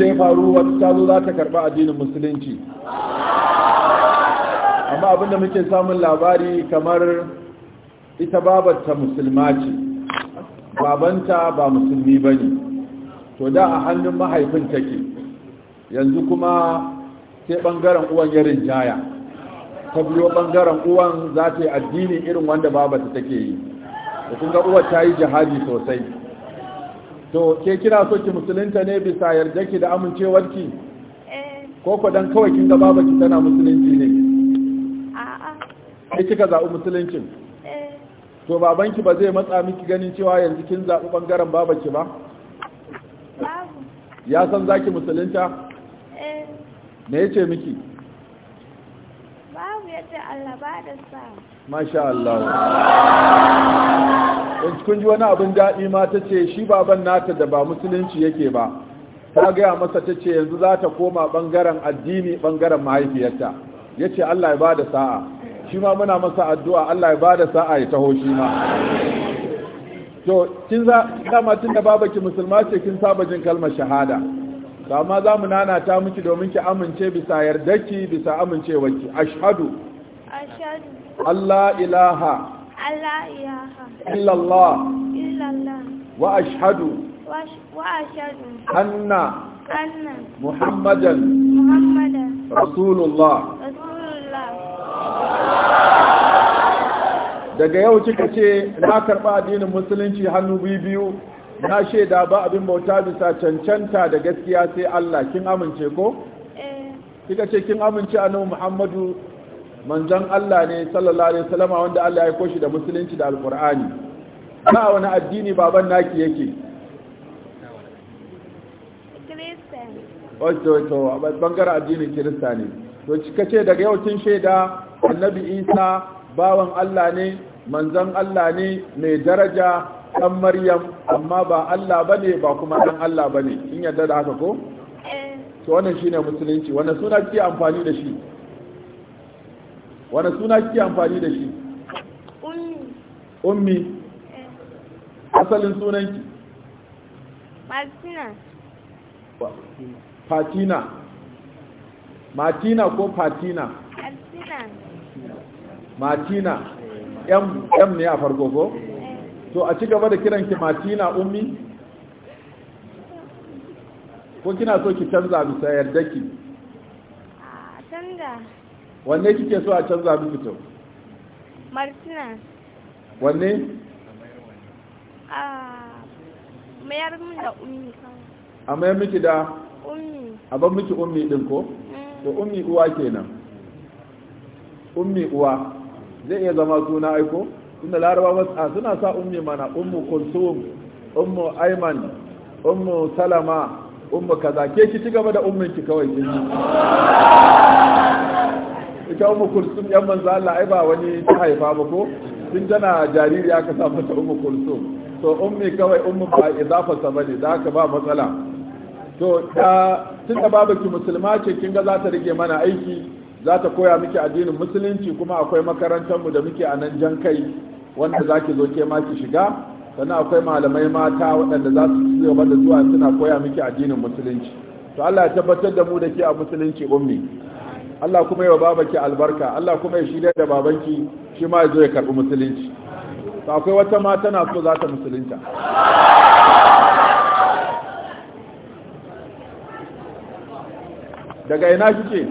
da ya faru wata ta zo za ta karɓi addinin musulunci amma abinda muke samun labari kamar ita babarta musulma ce babanta ba musulmi ba ne to da a hannun mahaifin take yanzu kuma sai bangaren uwan ya jaya ta biyo ɓangaren uwan za ta yi addini irin wanda babata take yi da kun ga uwar ta yi jihadi sosai to ke kira so ki musulunta ne bisa yarda ki da amincewarki eh. ko ko dan kawai kin ga baba ki tana musulunci ne a'a sai kika zaɓi musuluncin eh. to baban ki ba zai matsa miki ganin cewa yanzu kin zaɓi bangaren ki ba ya san zaki musulunta eh. me yace miki babu yace Allah ba da sa masha Allah kun ji wani abin daɗi ma ta ce shi baban nata da ba musulunci yake ba ta gaya masa ta ce yanzu za ta koma ɓangaren addini ɓangaren mahaifiyarta ya ce Allah ya ba da sa'a shi ma muna masa addu'a Allah ya ba da sa'a ya taho shi ma to kin za dama tun da ki musulma ce kin saba jin kalmar shahada to amma za mu nana ta miki domin ki amince bisa yardarki bisa amincewarki ashhadu ashhadu Allah ilaha إلا الله وأشهد أن Muhammadan, رسول daga yau kika ce na karɓa addinin musulunci hannu biyu na shaida ba abin bauta bisa cancanta da gaskiya sai Allah kin amince ko eh. kika ce kin amince annabi Muhammadu manzon Allah ne sallallahu alaihi wasallama wanda Allah ya koshi da musulunci da alqur'ani ba wani addini baban naki yake wato to bangaren addinin kirista ne to kika ce daga yau tun shaida annabi Isa bawan Allah ne manzon Allah ne mai daraja dan Maryam amma ba Allah bane ba kuma dan Allah bane In yadda da haka ko eh. to wannan shine musulunci wannan suna ce amfani da shi wani suna kike amfani da shi ummi asalin sunanki martina fatina Matina ko fatina Matina, m m ne a farko ko eh. to a ci gaba da kiranki Matina ummi ko kina so ki canza bisa yarda ki canza wanne kike so a canza miki to Martina. wanne mayar min da ummi a mayar miki da ummi a ban miki ummi din ko mm. to ummi uwa kenan ummi uwa zai iya zama suna aiko inda laraba A suna sa ummi mana ummu kulsum ummu aiman ummu salama ummu kaza ke ki ci gaba da umminki kawai ita ummu kulsum yan manzo Allah ai ba wani ta haifa ba ko tun tana jariri aka sa mata umu kulsum to ummi kawai ummu ba idafa bane da aka ba matsala to ta da babu ki musulma ce kin ga za ta rige mana aiki za ta koya miki addinin musulunci kuma akwai makarantar mu da muke a nan jan kai wanda zaki zo ke ma ki shiga sannan akwai malamai mata waɗanda za su ci da zuwa suna koya miki addinin musulunci to Allah ya tabbatar da mu da ke a musulunci ummi Allah kuma yi wa babanki albarka Allah kuma yi shirya da babanki shi ma zai zo ya karɓi musulunci ta akwai wata ma tana so za ta musulunta daga ina kike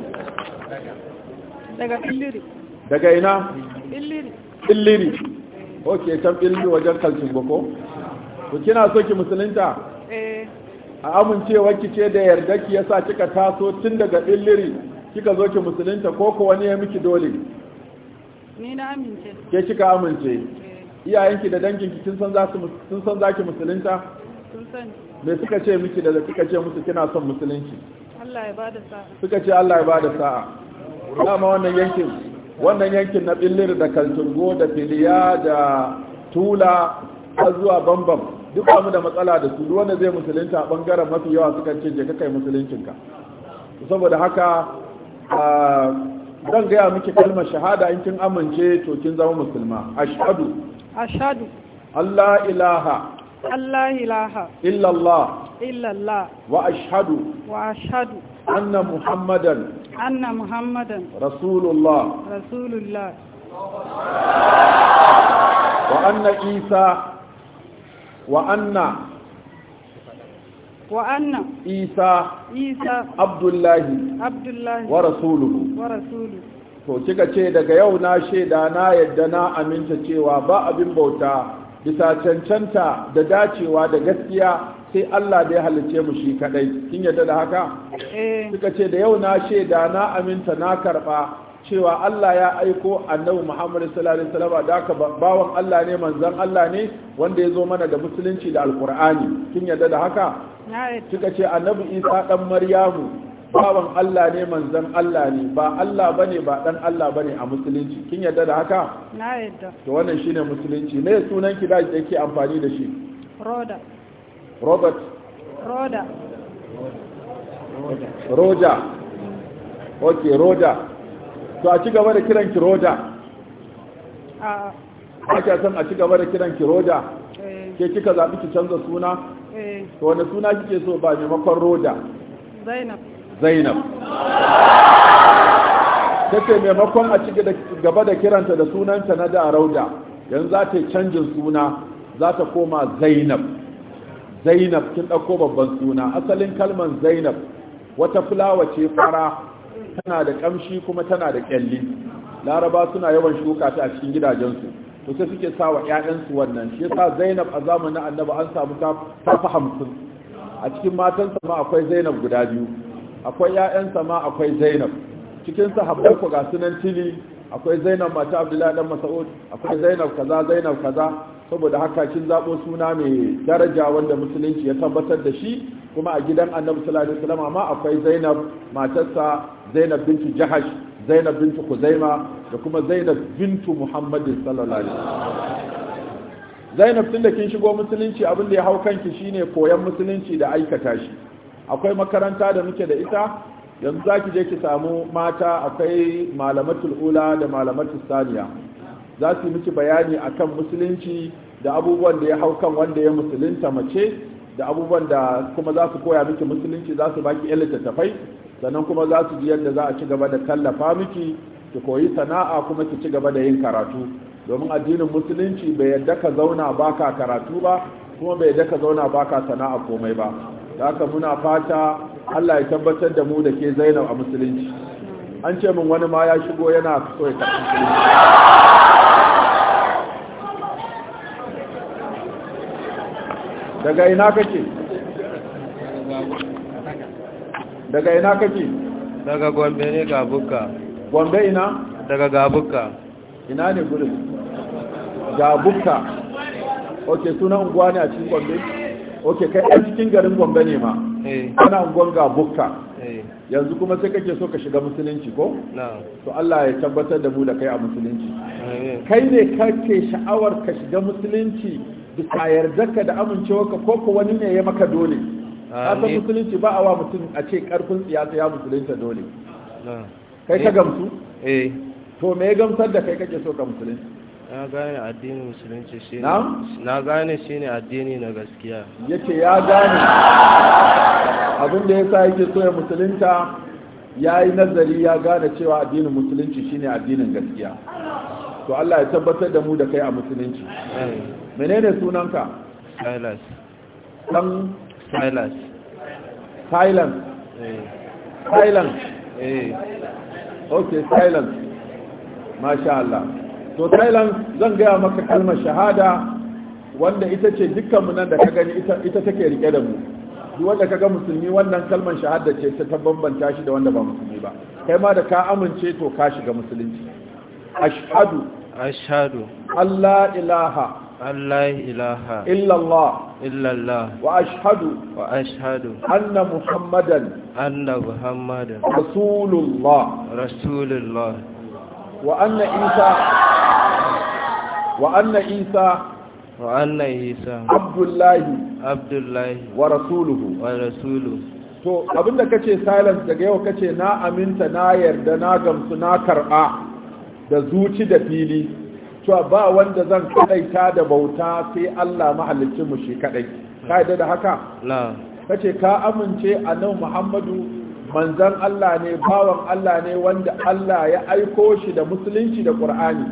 daga illiri daga ina illiri illiri ok can illiri wajen kalcin bako ku kina so ki musulunta eh a amincewa ki ce da yarda ki yasa kika taso tun daga illiri kika zo ki musulunta ko ko wani ya miki dole ni na amince ke kika amince eh. iyayenki da danginki kin san za su sun san zaki musulunta sun san me suka ce miki da suka ce musu kina son musulunci Allah ya bada sa'a suka ce Allah ya bada sa'a dama wannan yankin wannan yankin na billir da kaltungo da filiya da tula har zuwa bambam duk mu da matsala da su wanda zai musulunta a bangaren mafi yawa suka ce je ka kai musuluncinka saboda haka zan gaya miki kalmar shahada in kin amince to kin zama musulma ashhadu ashhadu Allah ilaha Allah ilaha illallah illallah wa ashhadu wa ashhadu anna muhammadan anna muhammadan rasulullah rasulullah wa anna isa wa anna وأن عيسى عيسى عبد الله عبد الله ورسوله ورسوله to kika ce daga yau na shaida na yadda na aminta cewa ba abin bauta bisa cancanta da dacewa da gaskiya sai Allah da ya halice mu shi kadai kin yadda da haka eh kika ce da yau na shaida na aminta na karba cewa Allah ya aiko annabi Muhammad sallallahu alaihi wasallam da aka bawan Allah ne manzon Allah ne wanda ya zo mana da musulunci da alkur'ani kin yadda da haka kika ce annabi Isa dan Maryamu bawan Allah ne manzon Allah ne ba Allah bane ba dan Allah bane a musulunci kin yadda da haka na yadda to wannan shine musulunci ne sunan ki da yake amfani da shi Roda Robert Roda Roda Roja okay Roda to a ci gaba da kiran ki roda a kya san a ci gaba da kiran ki roda eh. ke kika zaɓi ki canza suna eh. to wani suna kike so ba maimakon roda zainab zainab take maimakon a ci gaba da kiranta da sunanta na da rauda yanzu za ta yi canjin suna za ta koma zainab zainab kin ɗauko babban suna asalin kalman zainab wata fulawa ce fara tana da kamshi kuma tana da kyalli laraba suna yawan shuka ta a cikin gidajensu to sai suke sa wa ƴaƴansu wannan shi yasa Zainab a zamanin Annabi an samu ta fi hamsin a cikin matansa ma akwai Zainab guda biyu akwai ƴaƴansa ma akwai Zainab cikin sahabbai ku ga sunan tili akwai Zainab mata Abdullahi dan Mas'ud akwai Zainab kaza Zainab kaza saboda haka kin zabo suna mai daraja wanda musulunci ya tabbatar da shi kuma a gidan Annabi sallallahu alaihi wasallam ma akwai Zainab matarsa zainab bintu jahash zainab bintu khuzaima da kuma zainab bintu muhammadin sallallahu alaihi zainab tun da kin shigo musulunci abin da ya hau kanki shine koyan musulunci da aikata shi akwai makaranta da muke da ita yanzu zaki je ki samu mata akwai malamatul ula da malamatul saniya za su miki bayani akan musulunci da abubuwan da ya hau kan wanda ya musulunta mace da abubuwan da kuma za su koya miki musulunci za su baki yan littattafai sannan kuma za su ji yadda za a ci gaba da tallafa miki ki koyi sana'a kuma ki ci gaba da yin karatu domin addinin musulunci bai yadda ka zauna baka karatu ba kuma bai yadda ka zauna baka sana'a komai ba haka muna fata Allah ya tabbatar da mu da ke Zainab a musulunci an ce min wani ma ya shigo yana so ya karɓi musulunci daga ina kake daga ina kake daga gombe ne gabuka gombe ina daga gabuka ina ne Ga gabuka ok suna unguwa ne a cikin gombe ok kai a cikin garin gombe ne ma eh. ana unguwan gabuka eh. yanzu kuma sai kake so ka shiga musulunci ko to Allah ya tabbatar da mu da kai a musulunci kai ne kake sha'awar ka shiga musulunci bisa yarda ka da amincewa ka ko ko wani ne ya maka dole ka san musulunci ba a wa mutum a ce karfin siyasa ya musulunta dole kai ka eh. gamsu eh to me gamsar da kai kake so ka musulunci na gane addinin musulunci shine na gane shine addini na gaskiya yace ya gane abin da yasa yake so ya musulunta ya yi nazari ya gane cewa addinin musulunci shine addinin gaskiya to Allah ya tabbatar da mu da kai a musulunci eh. menene sunanka Silas dan silence eh. Eh. silence masha Allah to silence zan gaya maka kalmar shahada wanda ita ce dukkanmu nan da ka gani ita take rike da mu duk wanda ka ga musulmi wannan kalmar shahada ce ta bambanta shi da wanda ba musulmi ba kai ma da ka amince to ka shiga musulunci ashhadu ashhadu allah ilaha Allah ilaha illallah wa ashhadu wa ashhadu anna muhammadan anna muhammadan rasulullah rasulullah wa anna isa wa anna isa wa anna isa abdullah abdullah wa rasuluhu wa rasuluhu to abinda kace silence daga yau kace na aminta na yarda na gamsu na karɓa da zuci da fili cewa ba wanda zan kadaita da bauta sai Allah mahallicin mu shi kadai ka da haka na'am kace ka amince a nan Muhammadu manzan Allah ne bawan Allah ne wanda Allah ya aiko shi da musulunci da Qur'ani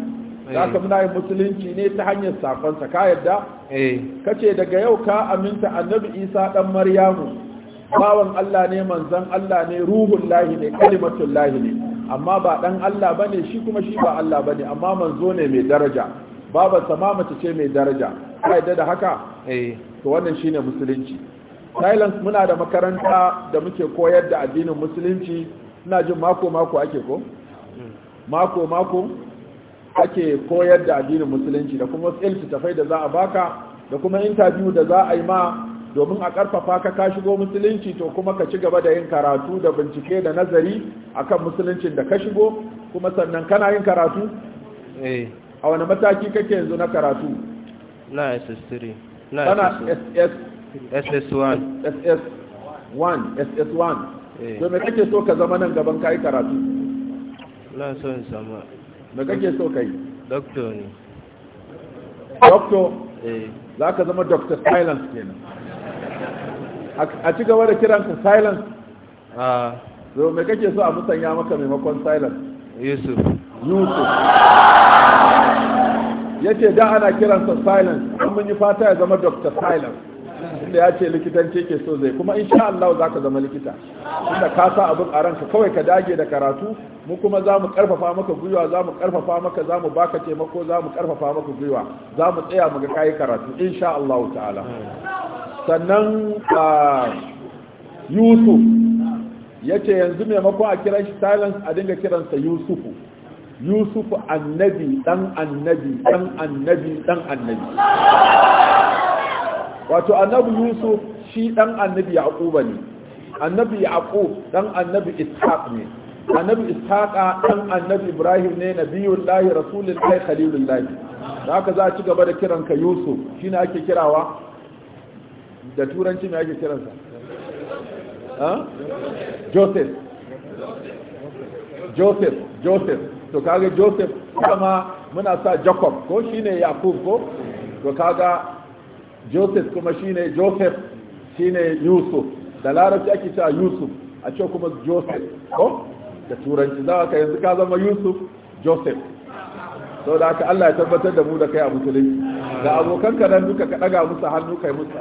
eh. zaka muna yin musulunci ne ta hanyar sakonsa ka yadda eh kace daga yau ka aminta annabi Isa dan Maryamu bawan Allah ne manzan Allah ne ruhun lahi ne kalimatun lahi ne amma ba dan Allah bane shi kuma shi ba Allah bane amma manzo ne mai daraja baba sama mace ce mai daraja kai da haka eh to wannan shine musulunci silence muna da makaranta da muke koyar da addinin musulunci ina jin mako mako ake ko mako mako ake koyar da addinin musulunci da kuma wasu ilfi tafai da za a baka da kuma interview da za a yi ma domin a ƙarfafa ka ka shigo musulunci to kuma ka ci gaba da yin karatu da bincike da nazari akan musuluncin da ka shigo kuma sannan kana yin karatu eh a wani mataki kake yanzu na karatu na ss3 na ss ss1 ss1 ss1 to me kake so ka zama nan gaban kai karatu na so in sama me kake so kai doctor ne doctor eh za ka zama doctor silence kenan a ci gaba da ka silence a ah. zo me kake so a musanya maka maimakon silence yusuf yusuf ya da ana sa silence an mun yi fata ya zama dr silence inda ya ce likitanci ke so zai kuma insha Allah za ka zama likita inda ka sa abin a ranka kawai ka dage da karatu mu kuma za mu karfafa maka gwiwa za mu karfafa maka za mu baka taimako za mu karfafa maka gwiwa za mu tsaya mu ga kayi karatu insha Allah ta'ala hmm. sannan yusuf ya ce yanzu maimakon a kiran shi silence a dinga kiransa yusufu yusufu annabi dan annabi dan annabi dan annabi wato annabi yusuf shi dan annabi yaquba ne annabi yaqub dan annabi ishaq ne annabi ishaqa dan annabi ibrahim ne lahi rasulullahi khalilullahi da haka za a ci gaba da kiranka yusuf ne ake kirawa da turanci mai ake kiransa joseph joseph joseph to kaga joseph kuma muna sa jacob ko shine yakub ko to kaga joseph kuma shine joseph shine yusuf da larabci ake cewa yusuf a ce kuma joseph ko da turanci za ka yanzu ka zama yusuf joseph so da aka allah ya tabbatar da mu da kai a musulunci da abokanka nan duka ka ɗaga musu hannu kai musu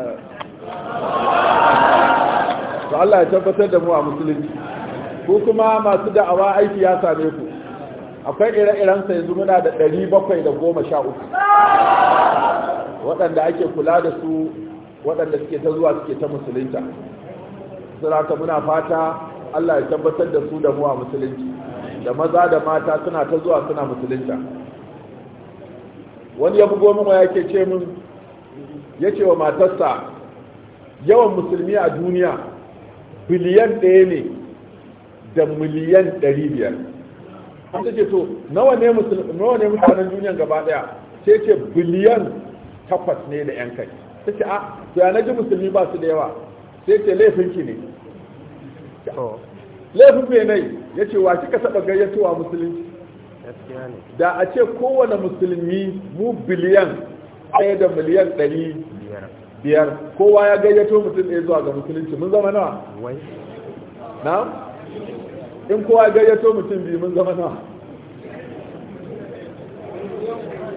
to Allah ya tabbatar da mu a musulunci ko kuma masu da'awa aiki ya same ku akwai ire-iren sai yanzu muna da 713 waɗanda ake kula da su waɗanda suke ta zuwa suke ta musulunta saraka muna fata Allah ya tabbatar da su da mu a musulunci da maza da mata suna ta zuwa suna musulunta wani ya bugo min waya yake ce min ya ce wa matarsa yawan musulmi a duniya biliyan ɗaya ne da miliyan ɗari biyar an ce to nawa ne mutanen duniya gaba ɗaya ce ce biliyan takwas ne da yan kai ta ce a ah, to ya naji musulmi ba su da yawa sai ce laifin ki ne laifin mai nai ya ce wa kika taɓa gayyatowa musulunci da a ce kowane musulmi mu biliyan ɗaya da miliyan ɗari biyar kowa ya gayyato mutum ɗaya zuwa ga musulunci mun zama nawa na in kowa ya gayyato mutum biyu mun zama nawa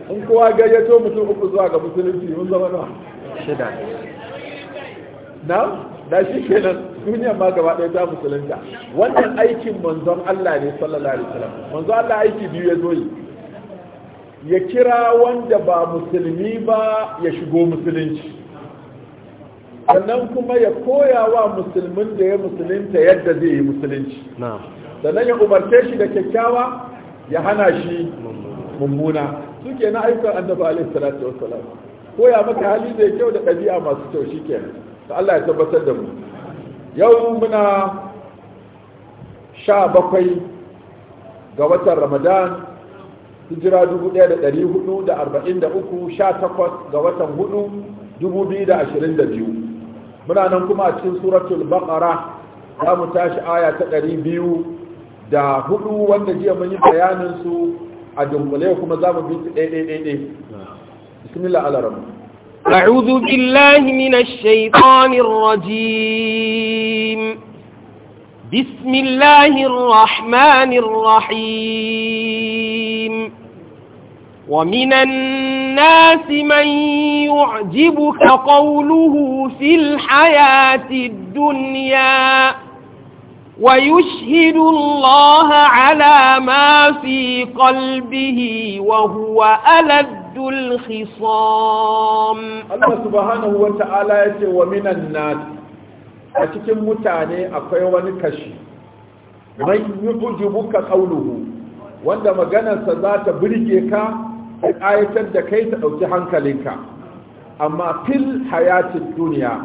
in kowa ya gayyato mutum uku zuwa ga musulunci mun zama nawa shida na da shi nan duniyar ma gaba ɗaya ta musulunta wannan aikin manzon Allah ne sallallahu alaihi wasallam manzon Allah aiki biyu ya zo yi ya kira wanda ba musulmi ba ya shigo musulunci sannan kuma ya koya wa musulmin da ya musulunta yadda zai yi musulunci sannan ya umarce shi da kyakkyawa ya hana shi mummuna suke na ayyukan annabi alaihi salatu wassalam koya maka hali da kyau da ɗabi'a masu kyau shikenan to Allah ya tabbatar da mu yau muna sha bakwai ga watan Ramadan hijira 1443 sha takwas ga watan hudu 2022 muna nan kuma a cikin suratul baqara za mu tashi aya ta ɗari biyu da hudu wanda jiya mun yi bayanin su a dunkule kuma za mu bi su ɗaiɗai ɗaiɗai bismillah alaram أعوذ بالله من الشيطان الرجيم بسم الله الرحمن الرحيم ومن الناس من يعجبك قوله في الحياة الدنيا ويشهد الله على ما في قلبه وهو ألد الخصام الله سبحانه وتعالى ومن الناس أتكلم متعني أقوى كشي من يعجبك قوله wanda maganarsa za ta birge ka ta ƙayatar da kai ta ɗauki hankalinka amma fil hayatin duniya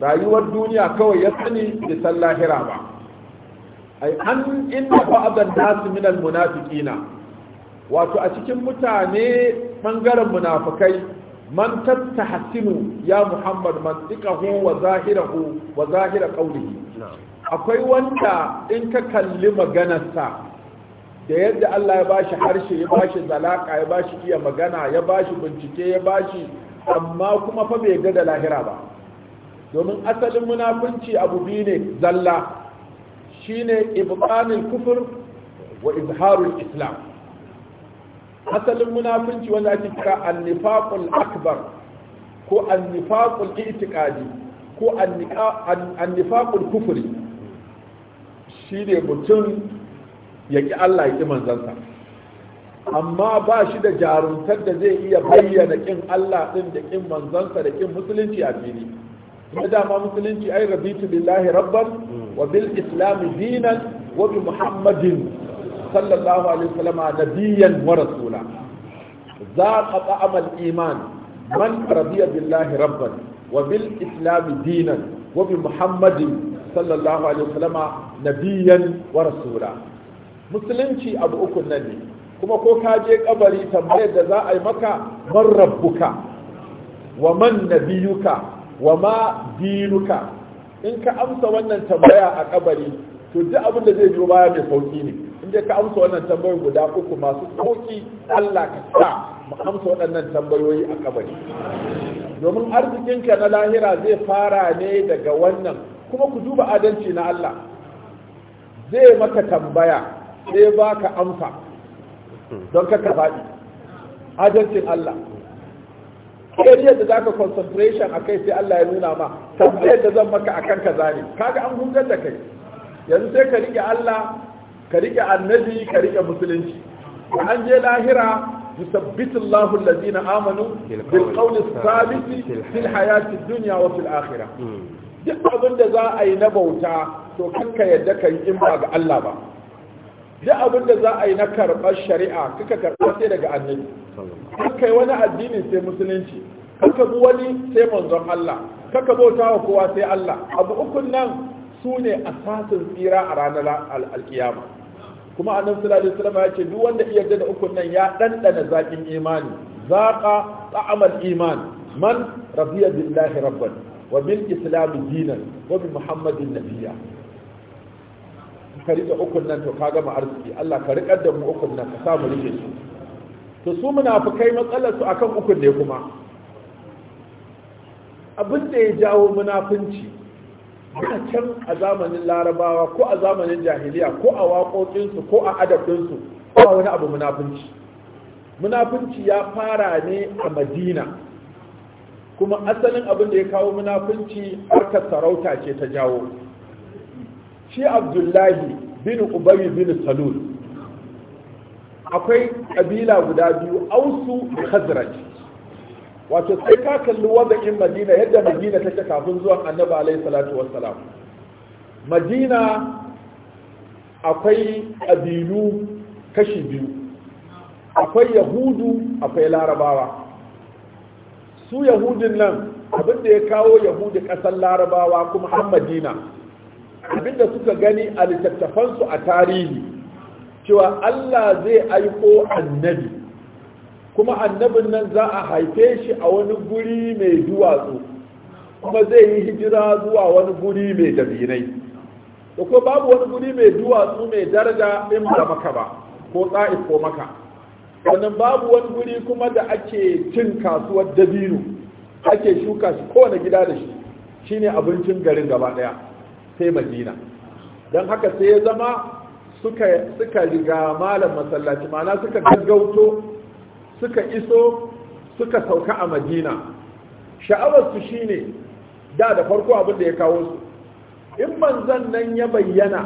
rayuwar duniya kawai ya sani san lahira ba ai an inda ba'adan nasu minal munafiqina wato a cikin mutane bangaren munafikai man tattahsinu ya muhammad man tsikahu wa zahirahu wa zahira qawlihi akwai wanda in ka kalli maganarsa da yadda Allah ya bashi harshe ya bashi zalaka ya bashi iya magana ya bashi bincike ya bashi amma kuma fa bai ga da lahira ba domin asalin munafunci abu biyu ne zalla shine ibtanul kufur wa izharul islam asalin munafunci wanda ake kira annifaqul akbar ko annifaqul i'tiqadi ko annifaqul kufri shine mutum ya ki Allah ya ki manzansa amma ba shi da jarumtar da zai iya bayyana kin Allah din da kin manzansa da kin musulunci a fili kuma dama musulunci ai rabitu billahi rabban wa bil islam dinan wa bi muhammadin sallallahu alaihi wasallam nabiyyan wa rasula Za zaqa ta'amal iman man radiya billahi rabban wa bil islam dinan wa bi muhammadin sallallahu alaihi wasallam nabiyyan wa rasula musulunci abu uku nan ne kuma ko ka je kabari tambayar da za a yi maka man rabbuka wa man nabiyuka wa ma dinuka in ka amsa wannan tambaya a kabari to duk abin da zai biyo baya mai sauki ne in ka amsa wannan tambayoyi guda uku masu sauki Allah ka sa mu amsa waɗannan tambayoyi a kabari domin arzikinka na lahira zai fara ne daga wannan kuma ku duba adalci na Allah zai maka tambaya sai ba ka amsa don ka faɗi adalcin Allah area da za ka concentration a kai sai Allah ya nuna ma tambayar da zan maka kan kaza ne kaga an hungar da kai yanzu sai ka rike Allah ka rike annabi ka rike musulunci an je lahira يثبت amanu الذين آمنوا بالقول الثابت في duniya الدنيا وفي الآخرة duk abin da za a yi na bauta to kanka yadda ka yi in ba ga Allah ba duk abin da za a yi na karɓar shari'a kika karɓar sai daga annabi kai wani addini sai musulunci kaka bi wani sai manzon Allah kaka bauta wa kowa sai Allah abu ukun nan su ne asasin tsira a ranar alkiyama kuma annabi sallallahu alaihi wasallam ya ce duk wanda iya da ukun nan ya dandana zakin imani zaqa ta'amal iman man radiya billahi rabban wa bil islam dinan wa bi muhammadin nabiyya ka rike ukun nan to ka gama arziki Allah ka rikar da mu ukun nan ka samu rike su to su muna munafikai matsalar su akan ukun ne kuma abin da ya jawo munafunci a can a zamanin larabawa ko a zamanin jahiliya ko a waƙoƙinsu ko a adabinsu ko a wani abu munafunci munafunci ya fara ne a madina kuma asalin abin da ya kawo munafunci harkar sarauta ce ta jawo shi abdullahi bin ubayi bin salul akwai kabila guda biyu ausu da khazraj wato sai ka kalli wada'in madina yadda madina take kafin zuwa annabi alaihi salatu wassalam madina akwai kabilu kashi biyu akwai yahudu akwai larabawa su yahudin nan abin da ya kawo yahudu ƙasar larabawa kuma har madina abinda suka gani a littattafansu a tarihi cewa Allah zai aiko annabi kuma annabin nan za a haife shi a wani guri mai duwatsu kuma zai yi hijira zuwa wani guri mai dabinai da kuma babu wani guri mai duwatsu mai daraja in ba maka ba ko tsa'if ko maka sannan babu wani guri kuma da ake cin kasuwar dabino ake shuka shi kowane gida da shi shine abincin garin gaba ɗaya. sai madina don haka sai ya zama suka riga malam masallaci mana suka gaggauto suka iso suka sauka a madina sha'awarsu shine da da farko abin da ya kawo su in manzan nan ya bayyana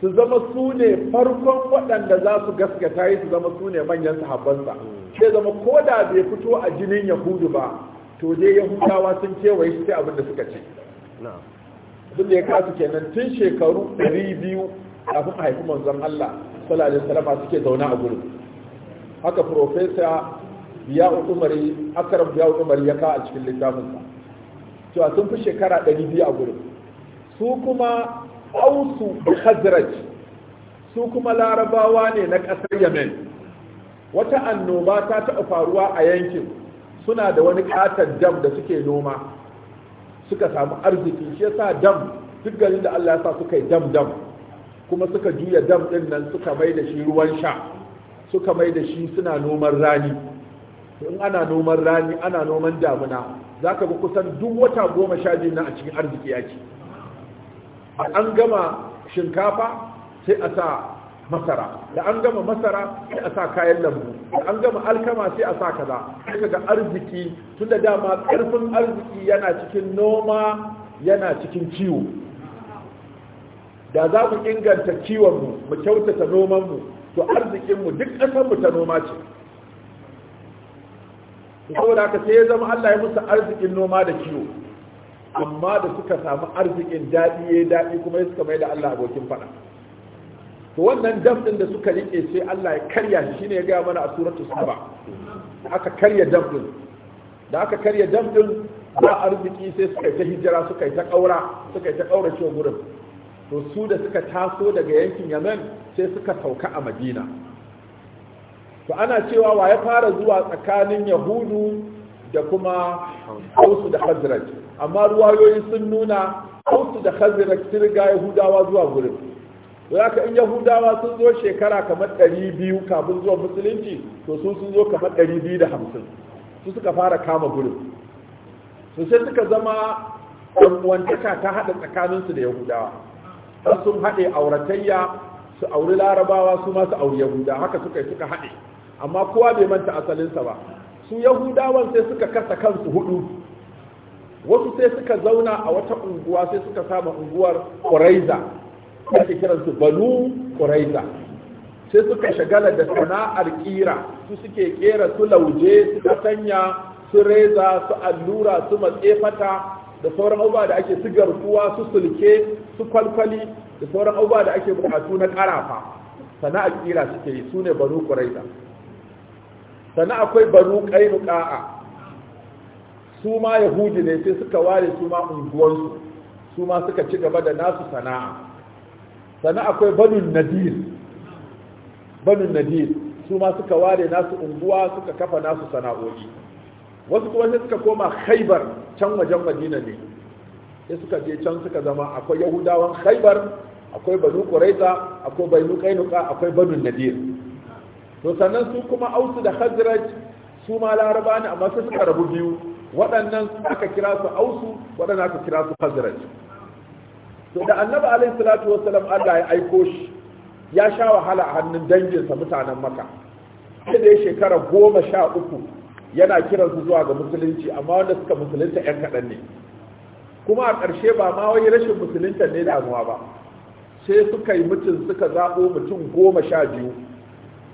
su zama su ne farkon waɗanda za su gaskata yi su zama su ne manyan sahabbansa sai zama ko da bai fito a jinin yahudu ba to dai yahudawa sun kewaye shi sai abin da suka ce duk da ya kasu kenan tun shekaru 200 kafin a haifi manzon Allah sallallahu alaihi wasallam suke zauna a gurin haka professor ya umari akaram ya umari ya ka a cikin littafin sa cewa sun fi shekara 200 a gurin su kuma ausu da su kuma larabawa ne na ƙasar yemen wata annoba ta taɓa faruwa a yankin suna da wani katar dam da suke noma suka samu arziki shi yasa dam duk garin da Allah ya sa suka yi dam dam kuma suka juya dam din nan suka mai da shi ruwan sha suka mai da shi suna noman rani to in ana noman rani ana noman damuna zaka ga kusan duk wata goma sha biyu nan a cikin arziki yake an gama shinkafa sai a sa masara da an gama masara sai a sa kayan lambu da an gama alkama sai a sa kaza sai ga arziki tun da dama karfin arziki yana cikin noma yana cikin ciwo. da za mu inganta ciwon mu kyautata nomanmu to arzikinmu duk mu ta noma ce saboda haka sai ya zama Allah ya musu arzikin noma da ciwo. amma da suka samu arzikin daɗi ya daɗi kuma ya suka mai da Allah abokin faɗa to wannan dam din da suka rike sai Allah ya karya shi shine ya ga mana a suratul saba aka karya dam din da aka karya dam din ba arziki sai suka ta hijira suka ta kaura suka ta kaura cewa gurin to su da suka taso daga yankin Yemen sai suka sauka a Madina to ana cewa wa ya fara zuwa tsakanin Yahudu da kuma Hausu da Khazraj amma ruwayoyi sun nuna Hausu da Khazraj sun riga Yahudawa zuwa gurin haka in yahudawa sun zo shekara kamar ɗari biyu kafin zuwa musulunci to sun sun zo kamar ɗari biyu da hamsin su suka fara kama gurin su sai suka zama ɗan'uwantaka ta haɗa tsakaninsu da yahudawa don sun haɗe auratayya su auri larabawa su ma su auri yahuda haka suka yi suka haɗe amma kowa bai manta asalinsa ba su yahudawan sai suka kasa kansu hudu wasu sai suka zauna a wata unguwa sai suka saba unguwar ƙuraiza kiran kiransu banu ƙuraiza sai suka shagala da sana'ar kira su suke kera su lauje su sanya, su reza su allura su matsefata da sauran abubuwa da ake su garkuwa su sulke su kwalkwali da sauran abubuwa da ake bukatu na karafa sana'ar kira suke yi su ne banu ƙuraiza sana akwai banu ƙainuka'a su ma yahudi ne sai suka ware su ma unguwarsu su ma suka ci gaba da nasu sana'a sannan akwai banin nadir banin nadir su ma suka ware nasu unguwa suka kafa nasu sana'o'i wasu kuma sai suka koma khaibar can wajen madina ne sai suka je can suka zama akwai yahudawan khaibar akwai banu quraiza akwai banu qainuqa akwai banu nadir to sannan su kuma ausu da khazraj su ma laraba ne amma sai suka rabu biyu waɗannan aka kira su ausu waɗannan aka kira su khazraj to da annabi alaihi salatu salam Allah ya aiko shi ya sha wahala a hannun danginsa mutanen maka sai da shekara goma sha uku yana kiransu zuwa ga musulunci amma wanda suka musulunta 'yan kaɗan ne kuma a ƙarshe ba ma wani rashin musulunta ne damuwa ba sai suka yi mutum suka zaɓo mutum goma sha biyu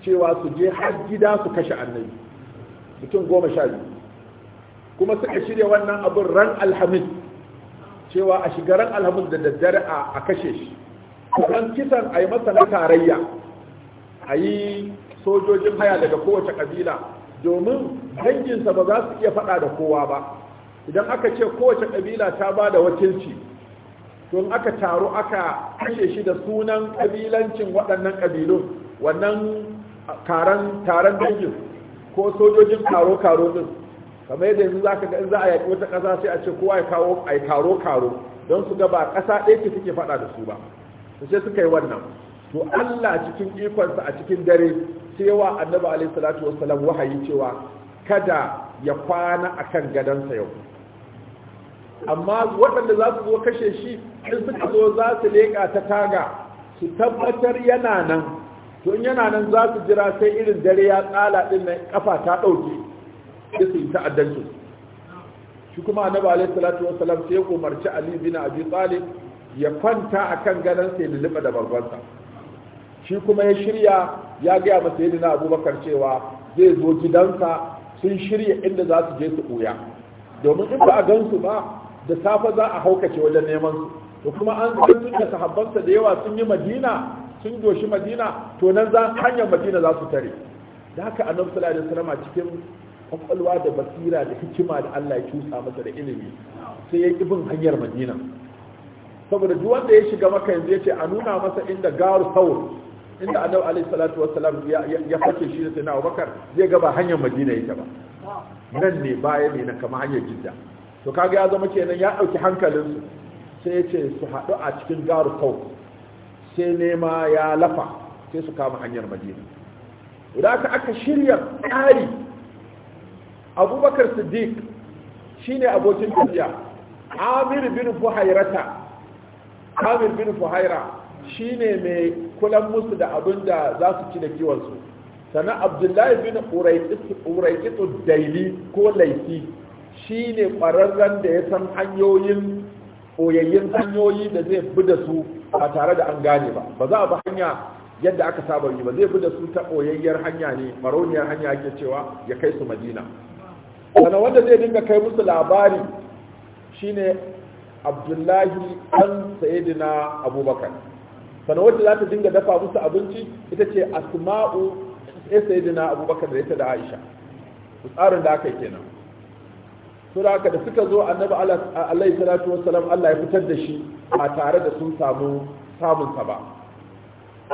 cewa su je har gida su kashe annabi mutum goma sha biyu kuma suka shirya wannan abin ran alhamis cewa a shigaran alhamis da daddare a kashe shi kusan kisan a yi masa na tarayya a yi sojojin haya daga kowace kabila domin danginsa ba za su iya fada da kowa ba idan aka ce kowace kabila ta ba da wakilci tun aka taru aka kashe shi da sunan kabilancin waɗannan kabilun wannan taron dangin ko sojojin karo-karo din kamar yadda yanzu za ka ga in za a yaƙi wata ƙasa sai a ce kowa ya kawo a karo karo don su ga ba ƙasa ɗaya ke suke faɗa da su ba su sai suka yi wannan to Allah cikin ikonsa a cikin dare sai wa annabi alayhi salatu wassalam wahayi cewa kada ya kwana a akan gadansa yau amma waɗanda za su zo kashe shi in suka zo za su leƙa ta taga su tabbatar yana nan to in yana nan za su jira sai irin dare ya tsala ɗin nan kafa ta ɗauke sai su yi ta'addancin shi kuma annabi alaihi salatu wassalam sai ya umarci ali bin abi talib ya kwanta akan gadan sai lulluɓa da barbansa shi kuma ya shirya ya gaya masa yadda abubakar cewa zai zo gidansa sun shirya inda za su je su ɓuya domin in ba a gansu ba da safe za a haukace wajen neman su to kuma an san da sahabbansa da yawa sun yi madina sun doshi madina to nan za hanyar madina za su tare da haka annabi sallallahu alaihi wasallam cikin kwakwalwa da basira da hikima da Allah ya cusa masa da ilimi sai ya yi bin hanyar madina saboda duk wanda ya shiga maka yanzu ya ce a nuna masa inda garu saur inda annabi alaihi salatu wassalam ya fake shi da sayyidina Abubakar zai ga ba hanyar madina yake ba nan ne baya ne na kama hanyar jidda to kaga ya zama kenan ya dauki su sai ya ce su haɗu a cikin garu saur sai nema ya lafa sai su kama hanyar madina idan aka shirya tsari abubakar siddiq shine abokin tafiya amir bin fuhairata amir bin fuhaira shine mai kulan musu da abin da za su ci da kiwonsu sannan abdullahi bin Uraikitsu daili ko laifi shi ne ƙwararren da ya san hanyoyin ƙoyayyen hanyoyi da zai bi da su a tare da an gane ba ba za a bi hanya yadda aka saba yi ba zai bi da su ta ƙoyayyar hanya ne maroniyar hanya ake cewa ya kai su madina sana wanda zai dinga kai musu labari shine abdullahi ɗan sayidina abubakar sana wanda za ta dinga dafa musu abinci ita ce asma'u ya sayidina abubakar da ita da aisha tsarin da aka yi kenan su da da suka zo annabi alaihi salatu wassalam allah ya fitar da shi a tare da sun samu samunsa ba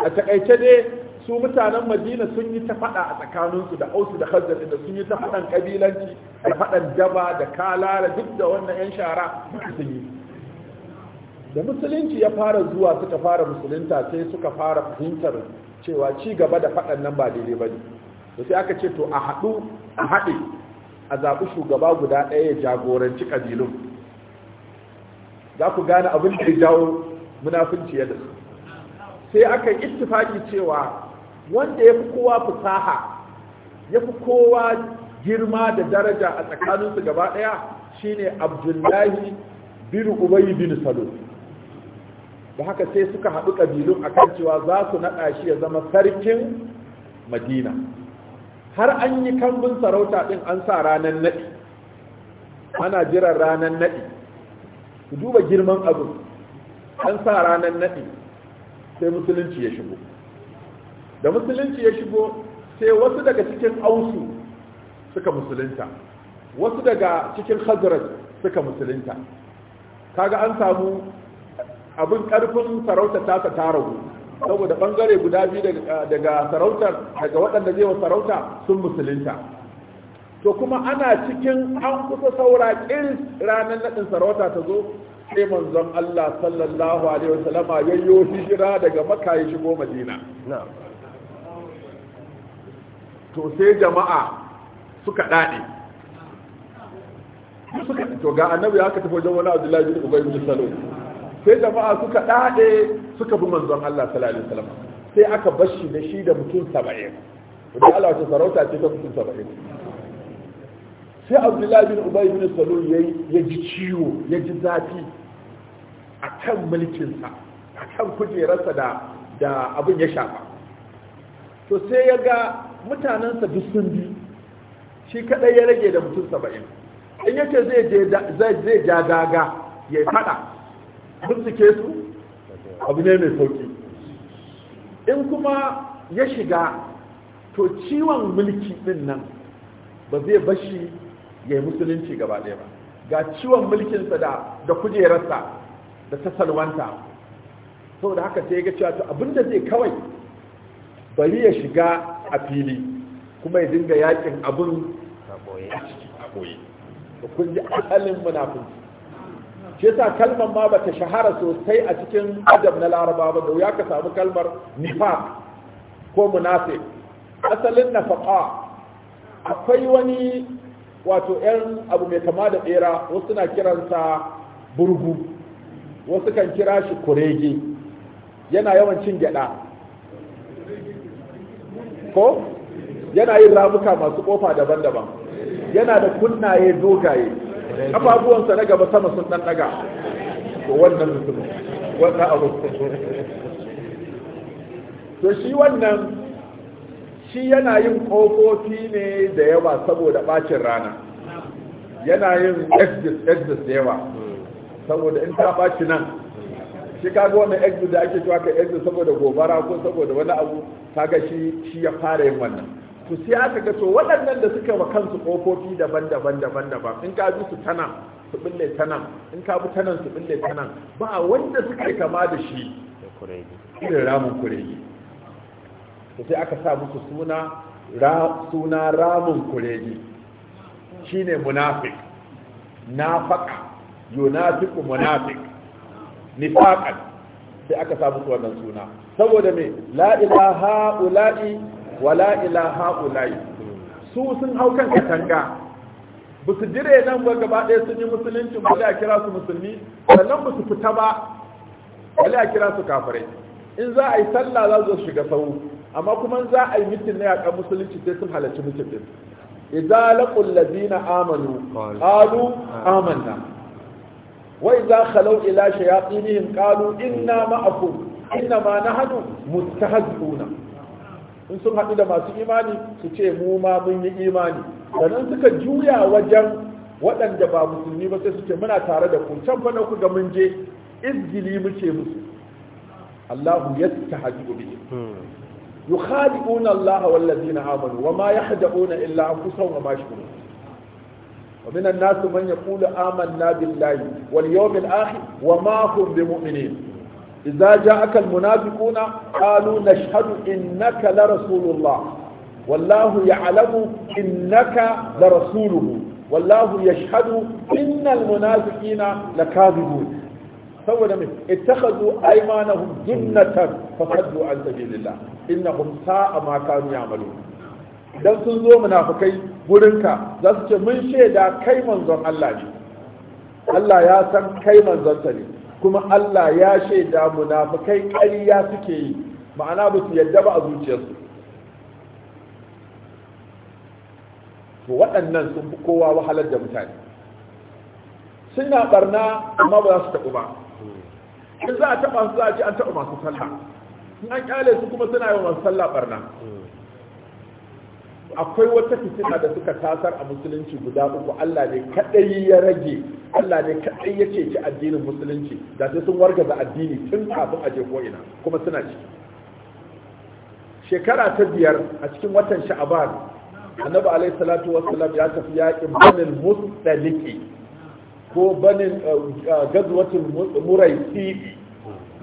a takaice dai su mutanen madina sun yi ta fada a tsakaninsu da ausu da hazzari da sun yi ta fadan kabilanci da fadan daba da kalala duk da wannan yan shara sun yi da musulunci ya fara zuwa suka fara musulunta sai suka fara fahimtar cewa ci gaba da fadan nan ba daidai ba ne da sai aka ce to a haɗu a haɗe a zaɓi shugaba guda ɗaya ya jagoranci ƙabilun za ku gane abin da ya jawo munafunci ya sai aka yi ittifaki cewa wanda ya fi kowa fusaha, ya fi kowa girma da daraja a tsakaninsu gaba ɗaya shine abdullahi bin ubayi bin salo da haka sai suka haɗu ƙabilun a kan cewa za su naɗa shi ya zama sarkin madina har an yi kambun sarauta ɗin an sa ranar naɗi ana jiran ranar naɗi ku duba girman abu an sa ranar naɗi sai musulunci ya shigo da musulunci ya shigo sai wasu daga cikin ausu suka musulunta wasu daga cikin hazrat suka musulunta kaga an samu abin karfin sarauta ta ta ragu saboda bangare guda biyu daga sarautar daga waɗanda zai wa sarauta sun musulunta to kuma ana cikin an kusa saura irin ranar naɗin sarauta ta zo sai manzon Allah sallallahu alaihi wasallama yayyo hijira daga makka ya shigo madina to sai jama'a suka dade suka to ga annabi aka tafi wajen wani abdullahi bin ubay bin salo sai jama'a suka dade suka bi manzon Allah sallallahu alaihi wasallam sai aka bashi da shi da mutum 70 idan Allah ya sarauta ce ta mutum 70 sai abdullahi bin ubay bin salo yayi ya ji ciwo ya ji zafi a kan sa. a kan kujerarsa da da abin ya shafa to sai ya ga mutanensa duk sun bi shi kaɗai ya rage da mutum saba'in in yake zai ja daga ya fada bincike su abu ne mai sauki in kuma ya shiga to ciwon mulki din nan ba zai bashi ya yi musulunci gaba ɗaya ba ga ciwon mulkinsa da da kujerarsa da ta salwanta saboda haka sai ya ga cewa to abinda zai kawai bari ya shiga a fili kuma ya dinga yakin abun a da kunji asalin shi yasa kalmar ma ba ta shahara sosai a cikin adab na laraba ba da wuya ka samu kalmar nifaq ko munafi asalin nafaqa akwai wani wato yan abu mai kama da tsera wasu na kiransa burgu wasu kan kira shi kurege yana yawan cin gyada ko yana yin ramuka masu kofa daban-daban yana da kunnaye dogaye kafafuwansa na gaba sama sun dan daga to wannan mutum wannan abu to shi wannan shi yana yin kofofi ne da yawa saboda bacin rana yana yin exit exit da yawa saboda in ta baci nan shi kaga wannan exit da ake cewa ka exit saboda gobara ko saboda wani abu kaga shi shi ya fara yin wannan to sai aka ga to waɗannan da suka wa kansu kofofi daban-daban daban-daban in ka bi su tana su bille tana in ka bi tana su bille tana ba wanda suka kama da shi irin ramin kureji to sai aka sa musu suna ra suna ramin kureji shine munafik nafaka yunafiku munafik nifaqan sai aka samu su wannan suna saboda me la ilaha ula'i wa la ilaha ula'i su sun hau kan katanga ba su jire nan ba gaba ɗaya sun yi musulunci ba a kira su musulmi sannan ba su fita ba wale a kira su kafirai in za a yi sallah za su shiga sau amma kuma za a yi mitin na yaƙar musulunci sai sun halarci mitin din idza laqul ladina amanu qalu amanna wai za khalau ila shayatinihim qalu inna ma'akum inna ma in sun haɗu da masu imani su ce mu ma mun yi imani sannan suka juya wajen waɗanda ba musulmi ba sai su ce muna tare da ku can fa na ku ga mun je izgili ce musu Allahu yastahzi bihi hmm. yukhadi'una Allah wal amanu wa ma yahda'una illa anfusahum wa ma yashkurun ومن الناس من يقول آمنا بالله واليوم الآخر وما هم بمؤمنين إذا جاءك المنافقون قالوا نشهد إنك لرسول الله والله يعلم إنك لرسوله والله يشهد إن المنافقين لكاذبون saboda mai ittakhadhu aymanahum jinnatan fafaddu an sabilillah innahum sa'a ma kanu ya'malun idan sun zo munafukai gurinka za su ce mun shaida kai manzon Allah ne Allah ya san kai manzonsa ne kuma Allah ya shaida munafukai ƙarya suke yi ma'ana ba su yadda ba a zuciyarsu to waɗannan sun fi kowa wahalar da mutane suna barna amma ba za su taɓu ba in za a taɓa su za a ce an taɓa masu sallah in an kyale su kuma suna yi masu sallah barna akwai wata fitina da suka tasar a musulunci guda uku Allah ne kadai ya rage Allah ne kadai ya ceci addinin musulunci da sai sun wargaza addini tun kafin a je ko ina kuma suna ciki shekara ta biyar a cikin watan sha'aban annabi alayhi salatu wassalam ya tafi yakin banil mustaliki ko banin eh, eh, gazwatul muraisi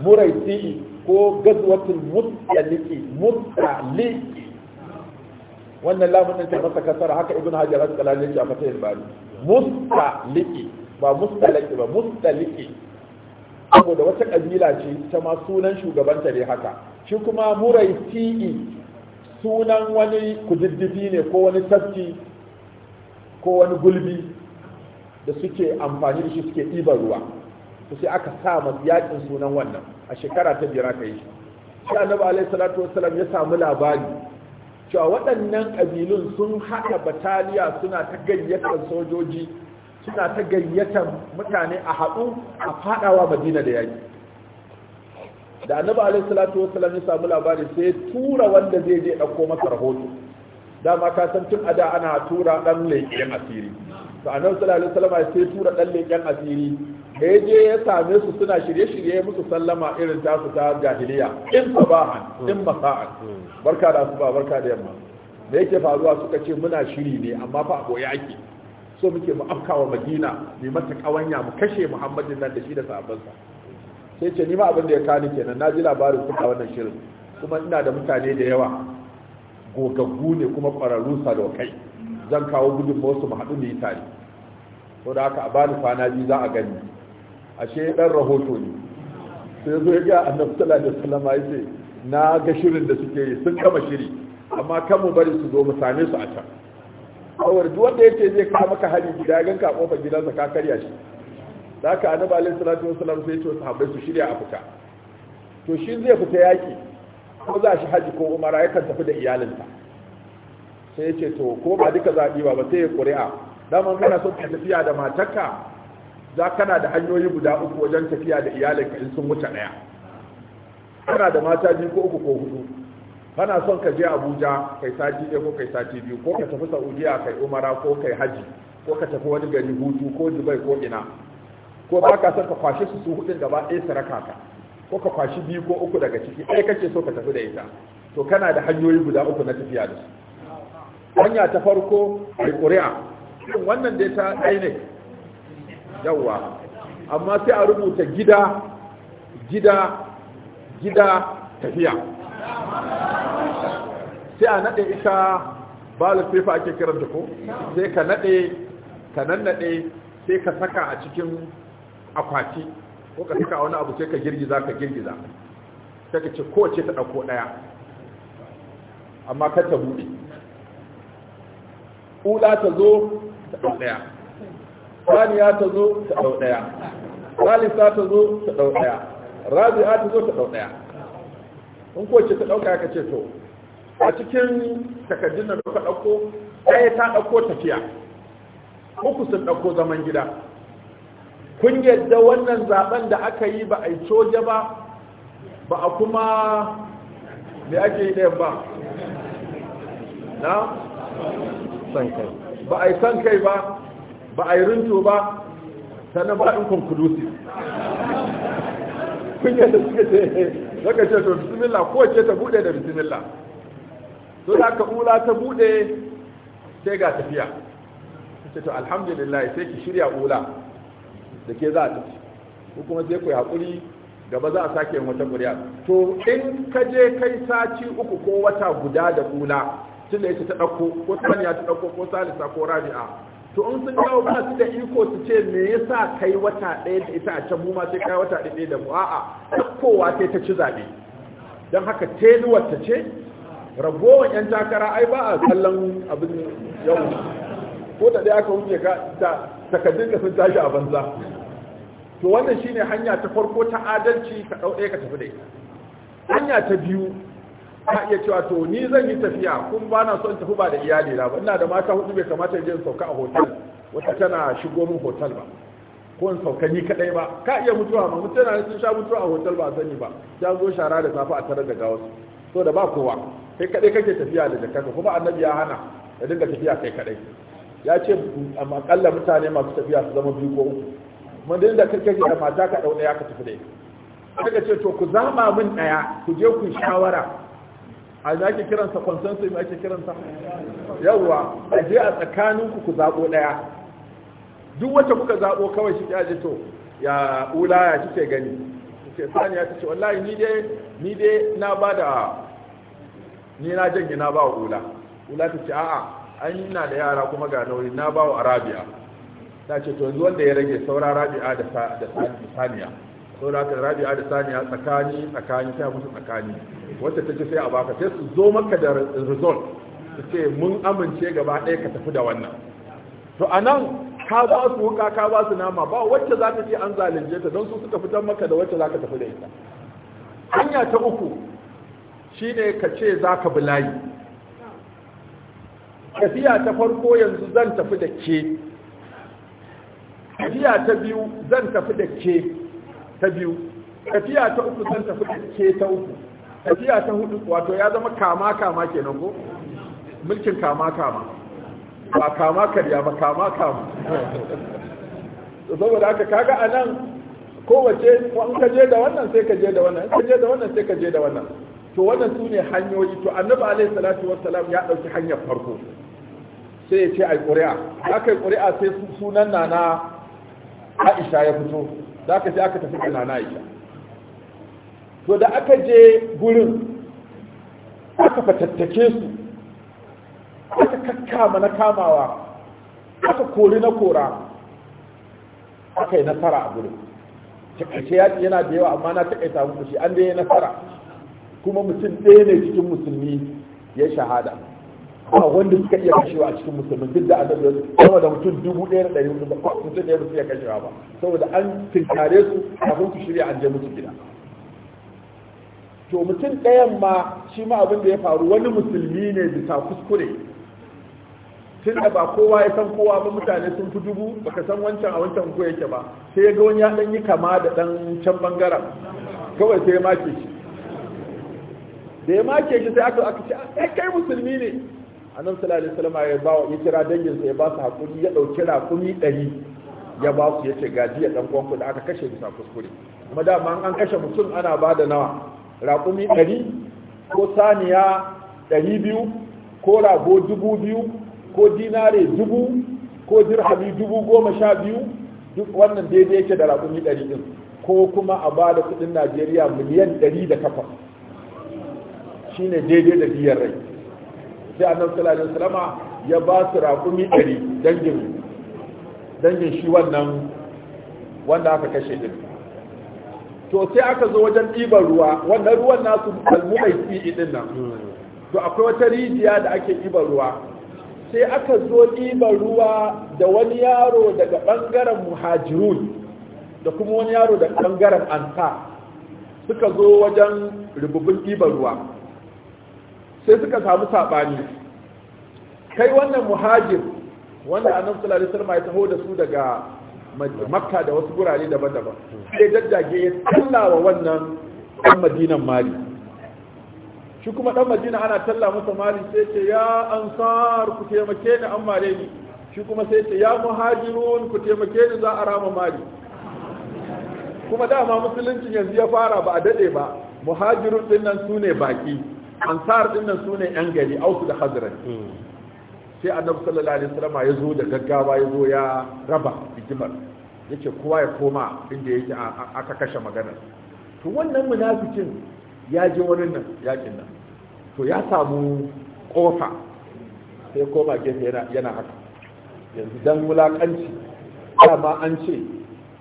muraisi ko gazwatul mustaliki mustaliki wannan lamun din ta masa haka ibn hajar al-asqalani yake a fatahil bari mustaliqi ba mustalaqi ba mustaliqi saboda wata kabila ce ta ma sunan shugabanta ne haka shi kuma Murai, muraiti'i sunan wani kududdufi ne ko wani tafki ko wani gulbi da suke amfani da shi suke ɗiban ruwa Su sai aka sa masu yakin sunan wannan a shekara ta biyar aka yi shi annabi alaihi salatu wassalam ya samu labari cewa waɗannan ƙabilun sun haɗa bataliya suna ta gayyatar sojoji suna ta gayyatar mutane a haɗu a faɗawa madina da yaƙi da annabi alaihi salatu wasallam ya samu labari sai tura wanda zai je ɗauko masa rahoto dama ka san tun ada ana tura ɗan leƙen asiri to annabi sallallahu alaihi wasallam sai tura ɗan leƙen asiri da ya je ya same su suna shirye-shirye musu sallama irin tasu ta jahiliya in sabahan in masa'an barka da su ba barka da yamma da yake faruwa suka ce muna shiri ne amma fa a ake so muke mu afkawa madina mai mata kawanya mu kashe muhammadin nan da shi da sahabbansa sai ce ni ma abin da ya kani kenan na ji labarin suka wannan shirin kuma ina da mutane da yawa gogaggu ne kuma da kai zan kawo gudun wasu mu haɗu ne tare ko da haka a bani kwana biyu za a gani ashe dan rahoto ne sai zo ya ga annabi sallallahu alaihi wasallam ya na ga shirin da suke yi sun kama shiri amma kan mu bari su zo mu same su a can kawai duk wanda yace zai kawo maka hari gida gan ka kofar gidansa ka karya shi haka annabi alaihi alaihi wasallam sai ya ce sahabbai su shirya a fita to shi zai fita yaki ko za shi haji ko umara yakan tafi da iyalinsa sai ya ce to ko ba duka zaɓi ba ba sai ya ƙuri'a daman kana son ka tafiya da matarka za kana da hanyoyi guda uku wajen tafiya da iyalinka in sun wuce ɗaya kana da mata biyu ko uku ko hudu kana son ka je abuja kai sati ɗaya ko kai sati biyu ko ka tafi saudiya kai umara ko kai haji ko ka tafi wani gari hutu ko dubai ko ina ko ba ka son ka kwashe su su hudun gaba ɗaya su ka ko ka kwashi biyu ko uku daga ciki ɗaya kake so ka tafi da ita to kana da hanyoyi guda uku na tafiya da su hanya ta farko da ƙuri'a wannan dai ta inec yawa amma sai a rubuta gida gida gida tafiya sai a nade ita balu fefa ake kiranta ko sai ka nade ka nannade sai ka saka a cikin akwati ko ka saka wani abu sai ka girgiza ka girgiza sai ka ce kowace ta ɗauko ɗaya amma kar ta buɗe ula ta zo ta ɗau ɗaya saniya ta zo ta ɗau ɗaya salisa ta zo ta ɗau ɗaya rabi'a ta zo ta ɗau ɗaya in ko ce ta ɗauka ka ce to a cikin takaddun da ka ɗauko ɗaya ta ɗauko tafiya uku sun ɗauko zaman gida kun yadda wannan zaben da aka yi ba a yi coje ba ba a kuma da ake yi ɗayan ba na? san kai ba a yi san kai ba ba a yi rinto ba sannan ba a in conclusive Kun yadda suka ce zaka ce to bismillah ko ce ta bude da bismillah to za ka ula ta bude sai ga tafiya ce to alhamdulillah sai ki shirya ula da ke za a tafi ko kuma sai ku haƙuri, gaba za a sake yin wata murya to in ka je kai sati uku ko wata guda da ula tunda ita ta ɗauko, ko ya ta ɗauko, ko salisa ko rabi'a to in sun dawo ba su da iko su ce me yasa kai wata ɗaya da ita a can mu ma sai kai wata ɗaya da mu a'a kowa sai ta ci zabe don haka teluwar ta ce ragowar yan takara ai ba a kallon abin yau ko da ɗaya aka wuce ka takaddun ka sun tashi a banza to wannan shine hanya ta farko ta adalci ka ɗau ka tafi da ita hanya ta biyu ka iya cewa to ni zan yi tafiya kun ba na son tafi ba da iyali na ba ina da mata hudu bai kamata in je sauka a hotel wata tana shigo min hotel ba ko in sauka ni kadai ba ka iya mutuwa ma mutum na sun sha mutuwa a hotel ba yi ba ya zo shara da safa a tare da gawasu to da ba kowa kai kadai kake tafiya da jakarta kuma annabi ya hana ya dinga tafiya kai kadai ya ce a makalla mutane masu tafiya su zama biyu ko uku mun dinga kake da mata ka dau ya ka tafi da ita kaga ce to ku zama min daya ku je ku shawara a za kiransa consensus mai ake kiransa yawwa a je a tsakaninku ku zaɓo ɗaya duk wacce kuka zaɓo kawai shi ƙyaje to ya ula ya ci ce gani ce sani ya ce wallahi ni dai na ba da ni na janye na ba wa ula ula ta ce a'a an yi na da yara kuma ga nauyi na ba wa arabiya ta ce to yanzu wanda ya rage saura rabi'a da saniya saboda haka rabi'a da saniya tsakani tsakani ta musu tsakani wacce ta ce sai a baka sai su zo maka da result su ce mun amince gaba ɗaya ka tafi da wannan to a nan ka ba su wuka ka ba su nama ba wacce za ka ce an zalunce ta don su suka fitar maka da wacce za ka tafi da ita hanya ta uku shine ka ce za ka bi layi tafiya ta farko yanzu zan tafi da ke tafiya ta biyu zan tafi da ke ta biyu tafiya ta uku zan tafi ke ta uku tafiya ta hudu wato ya zama kama kama kenan ko mulkin kama kama ba kama karya ba kama kama saboda aka kaga nan, kowace in ka je da wannan sai ka je da wannan in ka je da wannan sai ka je da wannan to wannan su ne hanyoyi to annabi alaihi salatu wassalam ya dauki hanyar farko sai ya ce ai ƙuri'a aka yi ƙuri'a sai sunan na na Aisha ya fito da aka ce aka tafi kana na aisha to da aka je gurin aka fatattake su aka kakkama na kamawa aka kori na kora aka yi nasara a gurin takaice yaƙi yana da yawa amma na takaita muku shi an da ya nasara kuma mutum ɗaya ne cikin musulmi ya shahada A wanda suka iya kashewa a cikin musulmin duk da annabi sama da mutum dubu ɗaya da ɗari hudu ba mutum ɗaya ba su iya kashewa ba saboda an tinkare su kafin ku shirya an je musu gida to mutum ɗayan ma shi ma abin da ya faru wani musulmi ne bisa kuskure tun da ba kowa ya san kowa ba mutane sun fi dubu baka san wancan a wancan ko yake ba sai ya ga wani ya ɗan yi kama da ɗan can bangaren kawai sai ya make shi da ya make shi sai aka aka ce kai musulmi ne annabi sallallahu alaihi wasallam ya bawa ya kira dangin sa ya ba su hakuri ya dauki rakumi ɗari ya ba su yace gaji ya dan da aka kashe bisa kuskure kuma da ma an kashe mutum ana ba da nawa rakumi dari ko saniya 200 ko rago dubu biyu ko dinare dubu ko dirhami biyu duk wannan daidai yake da rakumi dari din ko kuma a ba da kudin Najeriya miliyan da takwas shine daidai da biyar rai sai annabi sallallahu alaihi salama, ya ba su rakumi ɗari dangin dangin shi wannan wanda aka kashe din to sai aka zo wajen ɗiban ruwa wannan ruwan nasu almumai fi din nan to akwai wata rijiya da ake ɗiban ruwa sai aka zo ɗiban ruwa da wani yaro daga ɓangaren muhajirun da kuma wani yaro daga ɓangaren ansa suka zo wajen rububin ɗiban ruwa sai suka samu saɓani kai wannan muhajir wanda annabi sallallahu alaihi wasallam ya taho da su daga makka da wasu gurare daban-daban sai daddage ya tallawa wannan ɗan madinan mali shi kuma ɗan madina ana talla masa mali sai ce ya ansar ku taimake ni an mare ni shi kuma sai ce ya muhajirun ku taimake ni za a rama mali kuma dama musulunci yanzu ya fara ba a daɗe ba muhajirun dinnan su ne baƙi ansar din nan sune yan gari ausu da hazrat hmm. sai annabi sallallahu alaihi wasallam ya zo da gaggawa ya zo ya raba bijimar yake kowa ya koma inda yake aka kashe magana to wannan munafikin ya je wurin nan yakin nan to ya samu kofa sai koma gefe yana yana haka yanzu dan mulakanci dama an ce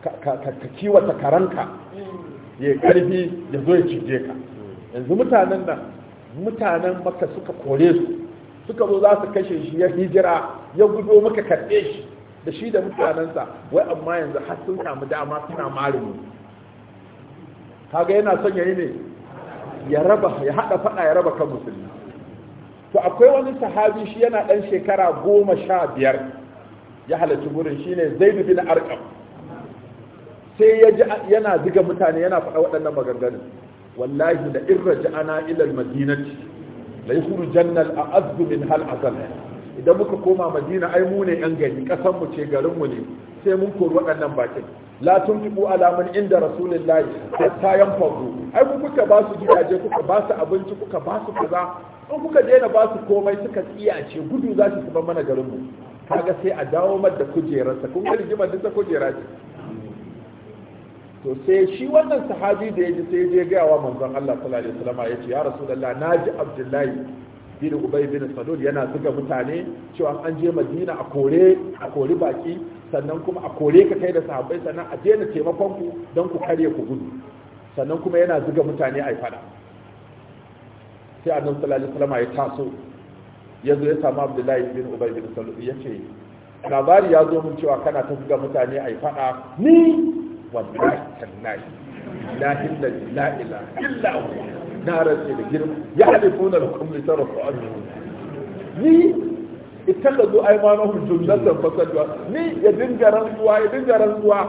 ka kiwata karanka hmm. ya karfi ya zo ya cije ka hmm. yanzu mutanen nan mutanen maka suka kore su suka zo za su kashe shi ya hijira ya gudo maka karɓe shi da shi da mutanensa wai amma yanzu har sun samu dama suna malami kaga yana son yayi ne ya raba ya hada fada ya raba kan musulmi to akwai wani sahabi shi yana ɗan shekara goma sha biyar ya halarci gurin ne, zaid na arqam sai ya ji yana diga mutane yana faɗa waɗannan maganganun wallahi da in raja'ana ila al-madinati la yukhrijanna jannal aazz min hal azal idan muka koma madina ai mu ne yan gari kasan mu ce garin mu ne sai mun kori waɗannan bakin la tunfiqu ala man inda ta tayan yanfadu ai ku kuka ba su gidaje kuka ba su abinci kuka ba su kaza in kuka daina ba su komai suka tsiyace gudu za su ba mana garin mu kaga sai a dawo mar da kujerarsa kun ga rigimar duk ta kujera to sai shi wannan sahabi da yaji sai je ga wa manzon Allah sallallahu alaihi wasallam yace ya rasulullahi naji abdullahi bin ubay bin salul yana zuga mutane cewa an je madina a kore a kore baki sannan kuma a kore ka kai da sahabbai sannan a daina taimakon ku don ku kare ku gudu sannan kuma yana zuga mutane a fada sai annabi sallallahu alaihi wasallam ya taso ya zo ya samu abdullahi bin ubay bin salul yace labari ya zo mun cewa kana ta zuga mutane a fada ni wallahi tallahi la illa la ila illa hu na rantsi da girma ya halifuna da kuma litar rafu'an ni ittakhadhu aymanahum jumlatan fasadwa ni ya dinga rantsuwa ya dinga rantsuwa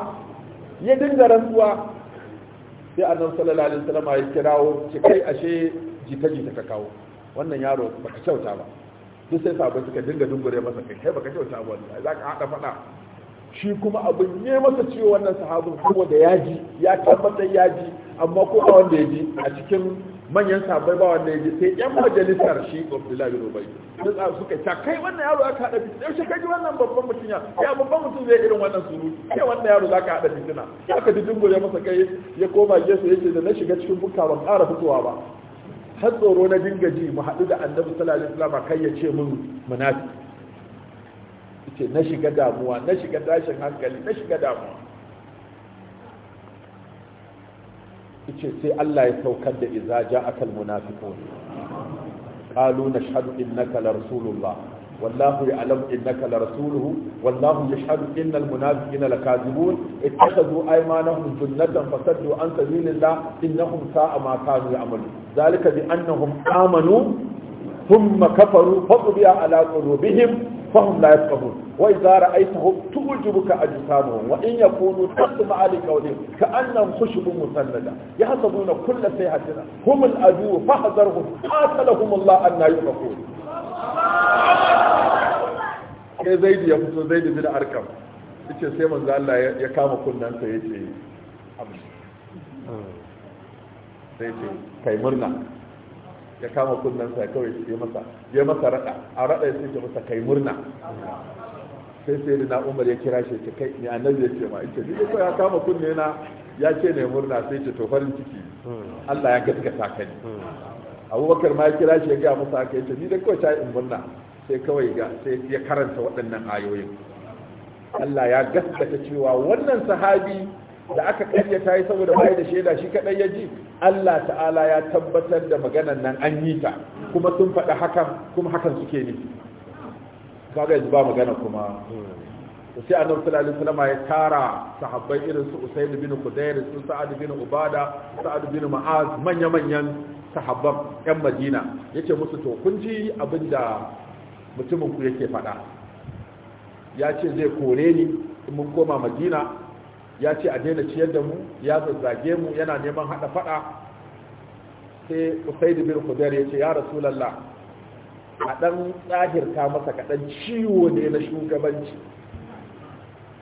ya dinga rantsuwa sai annabi sallallahu alaihi wasallam ya kirawo ce kai ashe jita jita ka kawo wannan yaro baka kyauta ba duk sai sabai suka dinga dungure masa kai kai baka kyauta ba za ka haɗa faɗa. shi kuma abin ne masa ciwo wannan sahabin kuma ya ji ya tabbatar ya ji amma ko a wanda ya ji a cikin manyan sahabbai ba wanda ya ji sai yan majalisar shi Abdullahi bin Ubay duk suka ta kai wannan yaro aka hada fitina yaushe kaji wannan babban mutum ya ya babban mutum zai irin wannan surutu kai wannan yaro zaka hada fitina ya ji dingo ya masa kai ya koma gefe yace da na shiga cikin bukka ban ƙara fitowa ba har tsoro na dinga ji mu haɗu da annabi sallallahu alaihi wasallam kai ya ce mun munafiki ce na shiga damuwa na shiga tashin hankali na shiga damuwa ce sai Allah ya saukar da iza ja akal munafiqun qalu nashhadu innaka la rasulullah wallahu ya'lam innaka la rasuluhu wallahu yashhadu innal munafiqina lakazibun ittakhadhu aymanahum junnatan fasaddu an sabilillah innahum sa'a ma kanu ya'malun zalika bi annahum amanu thumma kafaru faqdiya ala qulubihim فهم لا يفقهون وإذا رأيتهم تعجبك أجسامهم وإن يكونوا تقم عليك وليهم كأنهم خشب مسندة يحسبون كل سيحة هم الأدو فاحذرهم قاتلهم الله أن يفقهون sai zaidi ya fito zaidi bin arkam yace sai manzo Allah ya kama kunnansa yace amin sai ce kai murna ya kama kunnen sa kawai shi ya masa ya masa rada a rada ya ce masa kai murna sai sai na umar ya kira shi ya ce kai ne annabi ya ce ma ita duk ko ya kama kunne na ya ce ne murna sai ce to farin ciki Allah ya gaskata ka ne abubakar ma ya kira shi ya gaya masa haka ya ce ni da kawai ta in murna sai kawai ga sai ya karanta waɗannan ayoyin Allah ya gaskata cewa wannan sahabi da aka karyata yi saboda bai da shaida shi kadai ya ji Allah ta'ala ya tabbatar da maganan nan an yi ta kuma sun faɗa hakan kuma hakan suke ne kaga yanzu ba magana kuma sai annabi sallallahu alaihi wasallam ya tara sahabbai irin su Usayd bin Qudair su Sa'ad bin Ubada Sa'ad bin Mu'az manya manyan sahabban yan Madina yace musu to kun ji abinda mutumin ku yake faɗa ya ce zai kore ni in mun koma Madina ya ce a daina ciyar da mu ya zazzage mu yana neman haɗa faɗa. sai usai bin birkudar ya ce ya lalla. a dan tsahirta masa kaɗan ciwo ne na shugabanci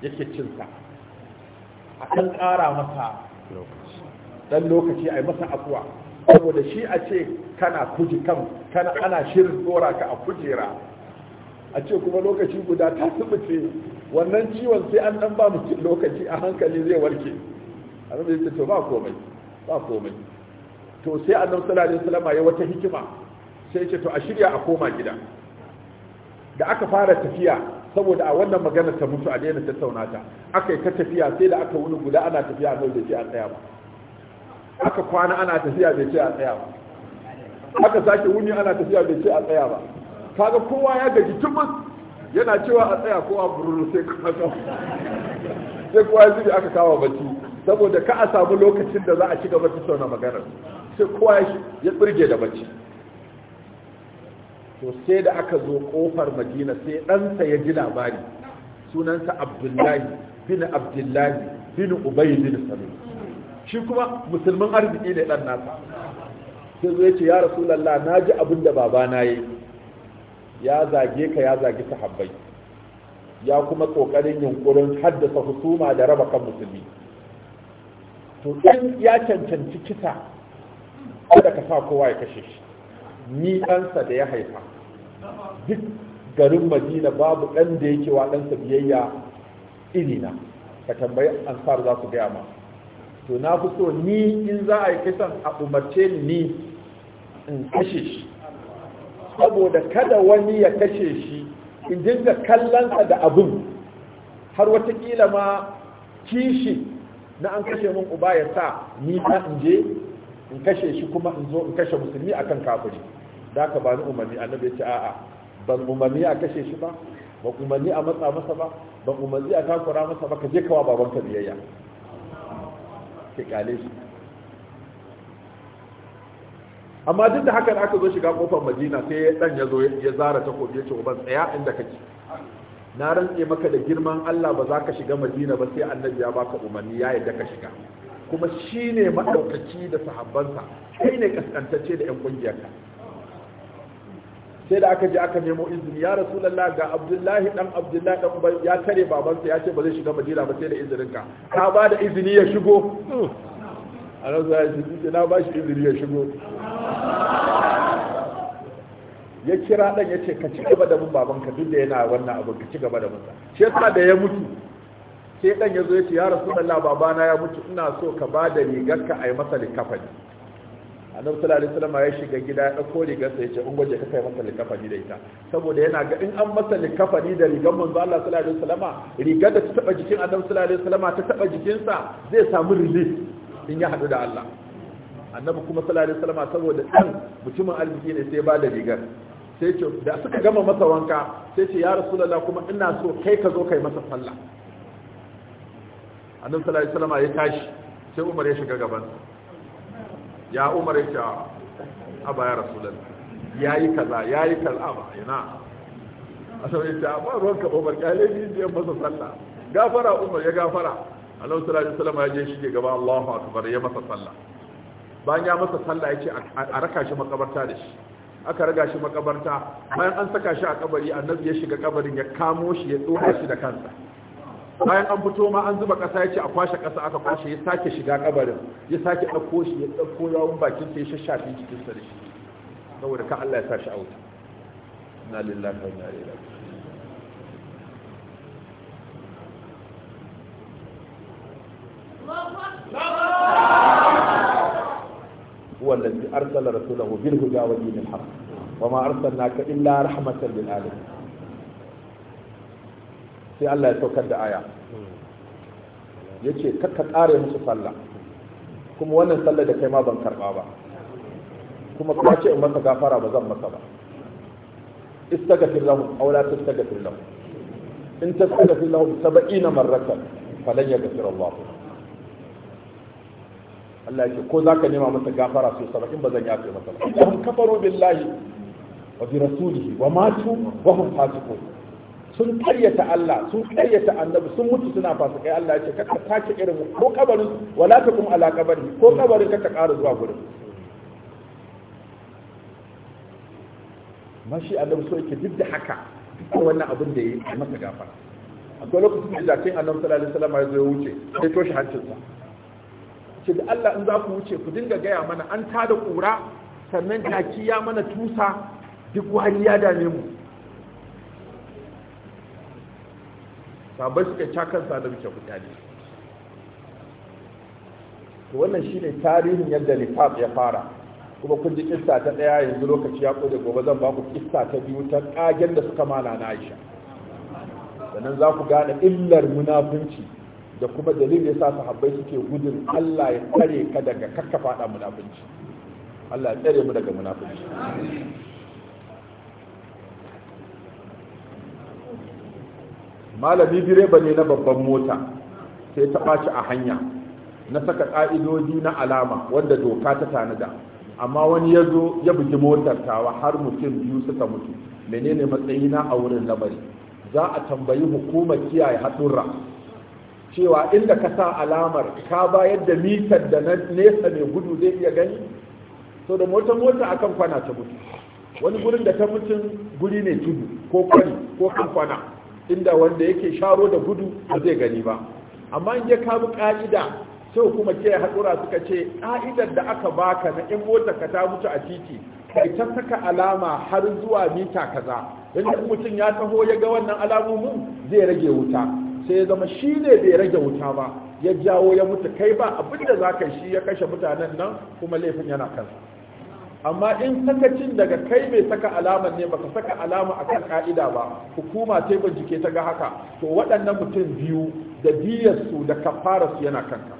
yake cinsa a dan kara masa dan lokaci a yi masa afuwa saboda shi a ce kana kuji kan kana ana shirin tsora ka a kujera a ce kuma lokaci guda ta tsibice wannan ciwon sai an dan ba mutum lokaci a hankali zai warke annabi ya ce to ba komai ba komai to sai annabi sallallahu alaihi wasallam ya wata hikima sai ce to a shirya a koma gida da aka fara tafiya saboda a wannan magana ta mutu a daina tattauna ta aka yi ta tafiya sai da aka wuni guda ana tafiya nan da ce a tsaya ba aka kwana ana tafiya da ce a tsaya ba aka sake wuni ana tafiya da ce a tsaya ba kaga kowa ya gaji tubus yana cewa a tsaya ko a bururu sai kuma sai kowa ya aka kawo bacci saboda ka a samu lokacin da za a ci gaba sauna magana sai kowa ya tsirge da bacci to sai da aka zo kofar madina sai ɗansa ya ji labari sunansa abdullahi bin abdullahi bin ubayi bin sami shi kuma musulman arziki ne ɗan nasa sai zo ya ce ya rasu lalla na ji abin da babana ya yi ya zage ka ya zagi sahabbai ya kuma kokarin yunkurin haddasa husuma da raba kan musulmi to in ya cancanci kita kada ka sa kowa ya kashe shi ni ɗansa da ya haifa duk garin madina babu ɗan da yake wa ɗansa biyayya irina ka tambayi ansar za su gaya ma to na fi so ni in za a yi kisan a umarce ni in kashe shi saboda kada wani ya kashe shi in dinga kallonsa da abun har watakila ma kishi na an kashe min uba ya sa ni ta in je in kashe shi kuma in zo in kashe musulmi akan kafiri da ka bani umarni annabi ya ce a'a ban umarni a kashe shi ba ban umarni a matsa masa ba ban umarni a takura masa ba ka je kawa babanka biyayya ke kale shi amma duk da haka aka zo shiga kofar madina sai dan ya zo ya zara takobi ya ce uban tsaya inda kake na rantse maka da girman Allah ba za ka shiga madina ba sai annabi ya baka umarni ya yadda ka shiga kuma shine madaukaki da sahabbansa kai ne kaskantacce da yan kungiyarka sai da aka je aka nemo izini ya rasulullah ga abdullahi dan abdullahi dan ya tare babansa ya ce ba zai shiga madina ba sai da izininka ka ba da izini ya shigo a nan za shi duke na ba shi izini ya shigo ya kira dan ya ce ka ci gaba da mun babanka duk da yana wannan abu ka ci gaba da mun shi yasa da ya mutu sai dan ya zo ya ce ya rasu rasulullah babana ya mutu ina so ka ba da rigar ka a yi masa likafani annabi sallallahu alaihi ya shiga gida ya dauko rigar sa ce in goje ka kai masa likafani da ita saboda yana ga in an masa likafani da rigar manzo Allah sallallahu alaihi wasallama rigar da ta taba jikin annabi sallallahu alaihi salama ta taba jikin sa zai samu relief in ya haɗu da Allah annabi kuma sallallahu alaihi wasallam saboda dan mutumin arziki ne sai ba da rigar sai ce da suka gama masa wanka sai ce ya rasulullah kuma ina so kai ka zo kai masa sallah annabi sallallahu alaihi wasallam ya tashi sai Umar ya shiga gaban ya Umar ya ce aba ya rasulullah yayi kaza yayi kaza ba ina asaba ya ce ba ruwan ka Umar kyale ni je masa sallah gafara Umar ya gafara annabi sallallahu alaihi wasallam ya je shi ke gaba Allahu akbar ya masa sallah bayan ya masa sallah yace a raka shi makabarta da shi aka raga shi makabarta bayan an saka shi a kabari annabi ya shiga kabarin ya kamo shi ya tsoha shi da kansa bayan an fito ma an zuba kasa yace a kwashe kasa aka kwashe ya sake shiga kabarin ya sake dauko shi ya dauko yawun bakin sa ya shashafi cikin sa da shi saboda ka Allah ya sa shi a wuta inna lillahi wa inna ilaihi raji'un هو الذي أرسل رسوله بالهدى ودين الحق وما illa rahmatan رحمة للعالمين sai Allah ya saukar da aya ya ce kakka ƙare musu sallah kuma wannan sallah da kai ma ban karɓa ba kuma kuma ce in masa gafara ba zan masa ba istagafir lahum aw la tastagafir lahum in tastagafir lahum 70 marratan falan yaghfir Allah Allah ya ce ko zaka nema masa gafara su sabakin ba zan yafe masa ba hum kafaru billahi wa bi rasulihi wa matu wa hum fasiqun sun karyata Allah sun karyata annabi sun mutu suna fasikai Allah ya ce kaka take irin ko kabarin wala takum ala kabari ko kabarin kaka ƙara zuwa gurin mashi annabi so yake duk da haka duk wannan abin da yi masa gafara akwai lokacin da zakin annabi sallallahu alaihi wasallam ya zo ya wuce sai toshe hancinsa ce da Allah in za ku wuce ku dinga gaya mana an da kura sannan kaki ya mana tusa duk wani ya dame mu sabai suka ca sa da ke mutane to wannan shine tarihin yadda lifaf ya fara kuma kun ji kissa ta ɗaya yanzu lokaci ya kode gobe zan ba ku kissa ta biyu ta kagen da suka mala na Aisha sannan za ku gane illar munafunci da kuma dalilin yasa sahabbai suke gudun Allah ya tsare ka daga kakka fada munafunci. Allah ya tsare mu daga munafunci. malami direba ne na babban mota sai ta ɓaci a hanya na saka ƙa'idodi na alama wanda doka ta tanada amma wani ya zo ya bugi motar tawa har mutum biyu suka mutu menene matsayina a wurin lamari za a tambayi hukumar kiyaye haɗurra cewa inda ka sa alamar ka bayar da mitar da nesa mai gudu zai iya gani so da mota mota akan kwana ta mutu wani gurin da ta mutum guri ne tudu ko kwari ko kan kwana inda wanda yake sharo da gudu ba zai gani ba amma in ya kabu ka'ida sai kuma ke haɗura suka ce ka'idar da aka baka na in mota ka ta mutu a titi kai ta saka alama har zuwa mita kaza inda mutum ya taho ya ga wannan alamomin zai rage wuta sai ya zama shi ne bai rage wuta ba ya jawo ya mutu kai ba abinda da za ka shi ya kashe mutanen nan kuma laifin yana kansa amma in sakacin daga kai mai saka alama ne baka saka alama a kan ka'ida ba hukuma sai bincike ta ga haka to waɗannan mutum biyu da diyarsu da kafararsu yana kanka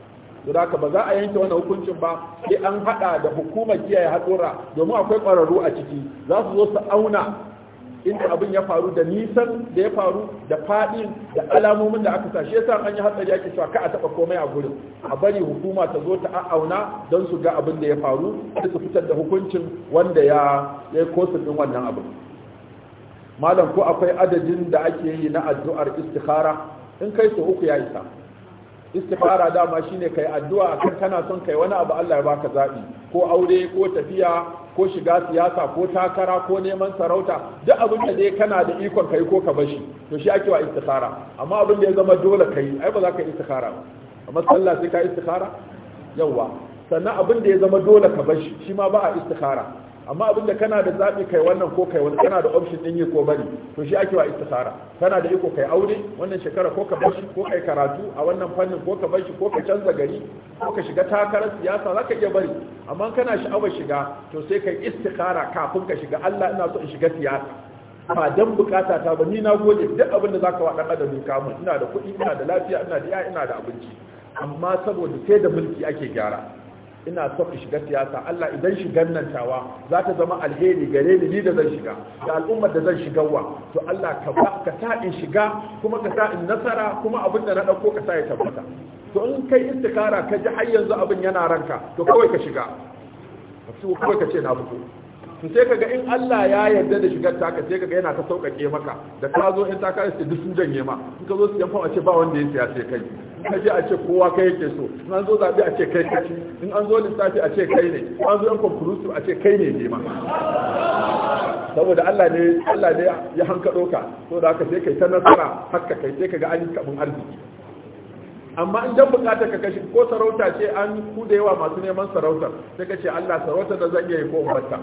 to da ba za a yanke wani hukuncin ba sai an haɗa da hukumar kiyaye hatsura, domin akwai ƙwararru a ciki za su zo su auna inda abin ya faru da nisan da ya faru da faɗi da alamomin da aka sa shi yasa an yi hatsari ake cewa ka a taba komai a gurin a bari hukuma ta zo ta auna don su ga abin da ya faru da su fitar da hukuncin wanda ya ya kosa din wannan abin malam ko akwai adadin da ake yi na addu'ar istikhara in kai su uku ya isa istikhara dama shine kai addu'a kan kana son kai wani abu Allah ya baka zabi ko aure ko tafiya ko shiga siyasa ko takara ko neman sarauta duk abin da dai kana da ikon kai ko ka bashi to shi ake wa istikhara amma abin da ya zama dole kai ai ba za ka istikhara ba amma sallah sai ka istikhara yawa sannan abin da ya zama dole ka bashi shi ma ba a istikhara amma abinda kana da zaɓi kai wannan ko kai wannan kana da option din yi ko bari to shi ake wa istikhara kana da iko kai aure wannan shekara ko ka shi, ko kai karatu a wannan fannin ko ka bar shi, ko ka canza gari ko ka shiga takarar siyasa za ka iya bari amma kana sha'awar shiga to sai kai istikhara kafin ka shiga Allah ina so in shiga siyasa ba dan bukata ta ba ni na gode duk abin da zaka wa dan adam ka mun ina da kuɗi ina da lafiya ina da iya ina da abinci amma saboda sai da mulki ake gyara ina so in shiga siyasa Allah idan shigan nan tawa za ta zama alheri gare ni da zan shiga da al'ummar da zan wa to Allah ka ba ka sa in shiga kuma ka sa in nasara kuma abin da na dauko ka sa ya tabbata to in kai istikara ka ji har yanzu abin yana ranka to kawai ka shiga to kawai ka ce na fito to sai kaga in Allah ya yarda da shigar taka sai kaga yana ta sauƙaƙe maka da ka zo in ta kare su duk sun janye ma in ka zo su fa a ce ba wanda ya siya sai kai kaje a ce kowa kai yake so in an zo zaɓe a ce kai kaci in an zo lissafi a ce kai ne in an zo yan conclusive a ce kai ne ne ma saboda Allah ne Allah ne ya hanka ka to da ka sai kai ta nasara haka kai sai ga an kabin arziki amma in dan bukatar ka kashi ko sarauta ce an yawa masu neman sarautar sai ka ce Allah sarautar da zan iya yi ko umarta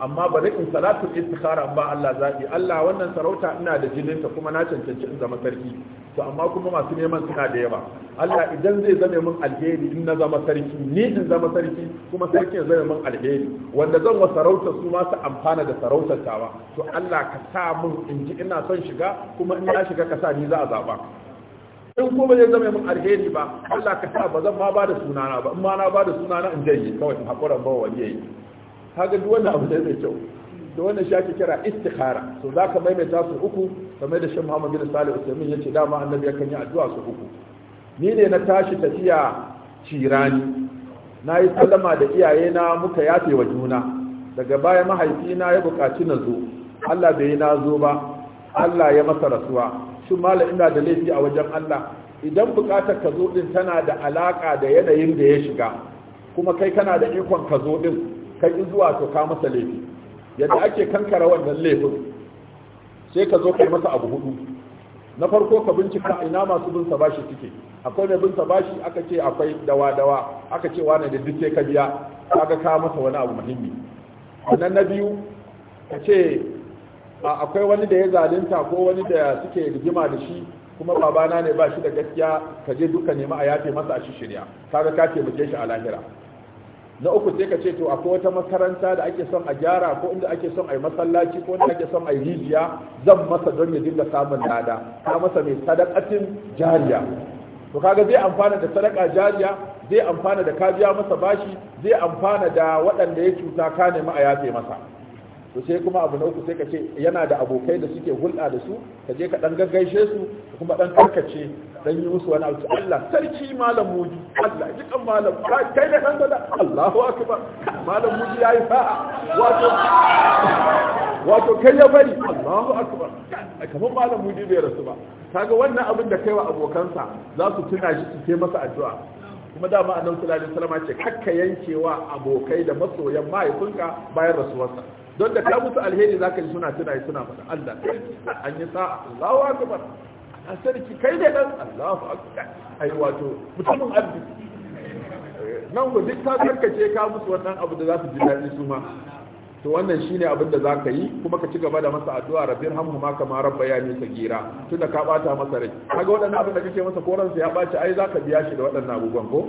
amma bari in salatu istikhara ba Allah zabi Allah wannan sarauta ina da jinin ta kuma na cancanci in zama sarki to amma kuma masu neman suna da yawa Allah idan zai zame min alheri in na zama sarki ni in zama sarki kuma sarki ya zame min alheri wanda zan wa sarauta su ma su amfana da sarautar tawa to Allah ka sa min in ji ina son shiga kuma in na shiga ka sa ni za a zaba in kuma zai zama mun alheri ba Allah ka sa ba zan ma ba da sunana ba in ma na ba da sunana in janye kawai hakuran ba wani yayi haka duk wannan abu ne mai kyau to wannan shaki kira istikhara to zaka maimaita su uku kamar da shi Muhammad bin Salih Usaimin yace dama annabi yakan yi addu'a su uku ni ne na tashi tafiya cirani na yi sallama da iyaye na muka yafe wa juna daga baya mahaifina ya bukaci na zo Allah bai na zo ba Allah ya masa rasuwa shi malam ina da laifi a wajen Allah idan bukatar ka zo din tana da alaƙa da yanayin da ya shiga kuma kai kana da ikon ka zo din kai in zuwa to ka masa laifi yadda ake kankara wannan laifin sai ka zo kai masa abu hudu na farko ka bincika ina masu bin sa bashi suke akwai mai bin bashi aka ce akwai dawa dawa aka ce wani da duk ka biya kaga ka masa wani abu muhimmi sannan na biyu ka ce akwai wani da ya zalunta ko wani da suke rigima da shi kuma babana ne ba shi da gaskiya ka je duka nema a yafe masa a shi shirya kaga ka taimake shi a lahira na uku sai ka ce to akwai wata makaranta da ake son a gyara ko inda ake son a yi masallaci ko inda ake son a yi rijiya zan masa don ya dinga samun lada ka masa mai sadakatin jariya to kaga zai amfana da sadaka jariya zai amfana da ka biya masa bashi zai amfana da waɗanda ya cuta ka nemi a yafe masa to sai kuma abu na uku sai ka ce yana da abokai da suke hulɗa da su ka je ka ɗan gaggaishe su kuma ɗan karkace ɗan yi musu wani abu Allah sarki malam muji Allah ji kan malam kai da ɗan da Allahu akbar malam muji yi fa'a wato wato kai ya bari Allahu akbar kamar malam muji bai rasu ba kaga wannan abin da wa abokansa za su tuna shi su ce masa addu'a kuma dama annabi sallallahu alaihi wasallam ce kakka yankewa abokai da masoyan mahaifinka bayan rasuwarsa don da ka musu alheri za ka yi suna yi suna faɗa Allah an yi sa'a Allahu akbar a sarki kai da dan Allahu akbar ai wato mutumin arziki nan ku duk ta karkace ka musu wannan abu da za su ji daɗi su ma to wannan shine abin da za ka yi kuma ka ci gaba da masa addu'a rabbir ma kama rabbayani sagira tunda ka bata masa rai kaga wadannan abin da kake masa koran sa ya bace ai ka biya shi da wadannan abubuwan ko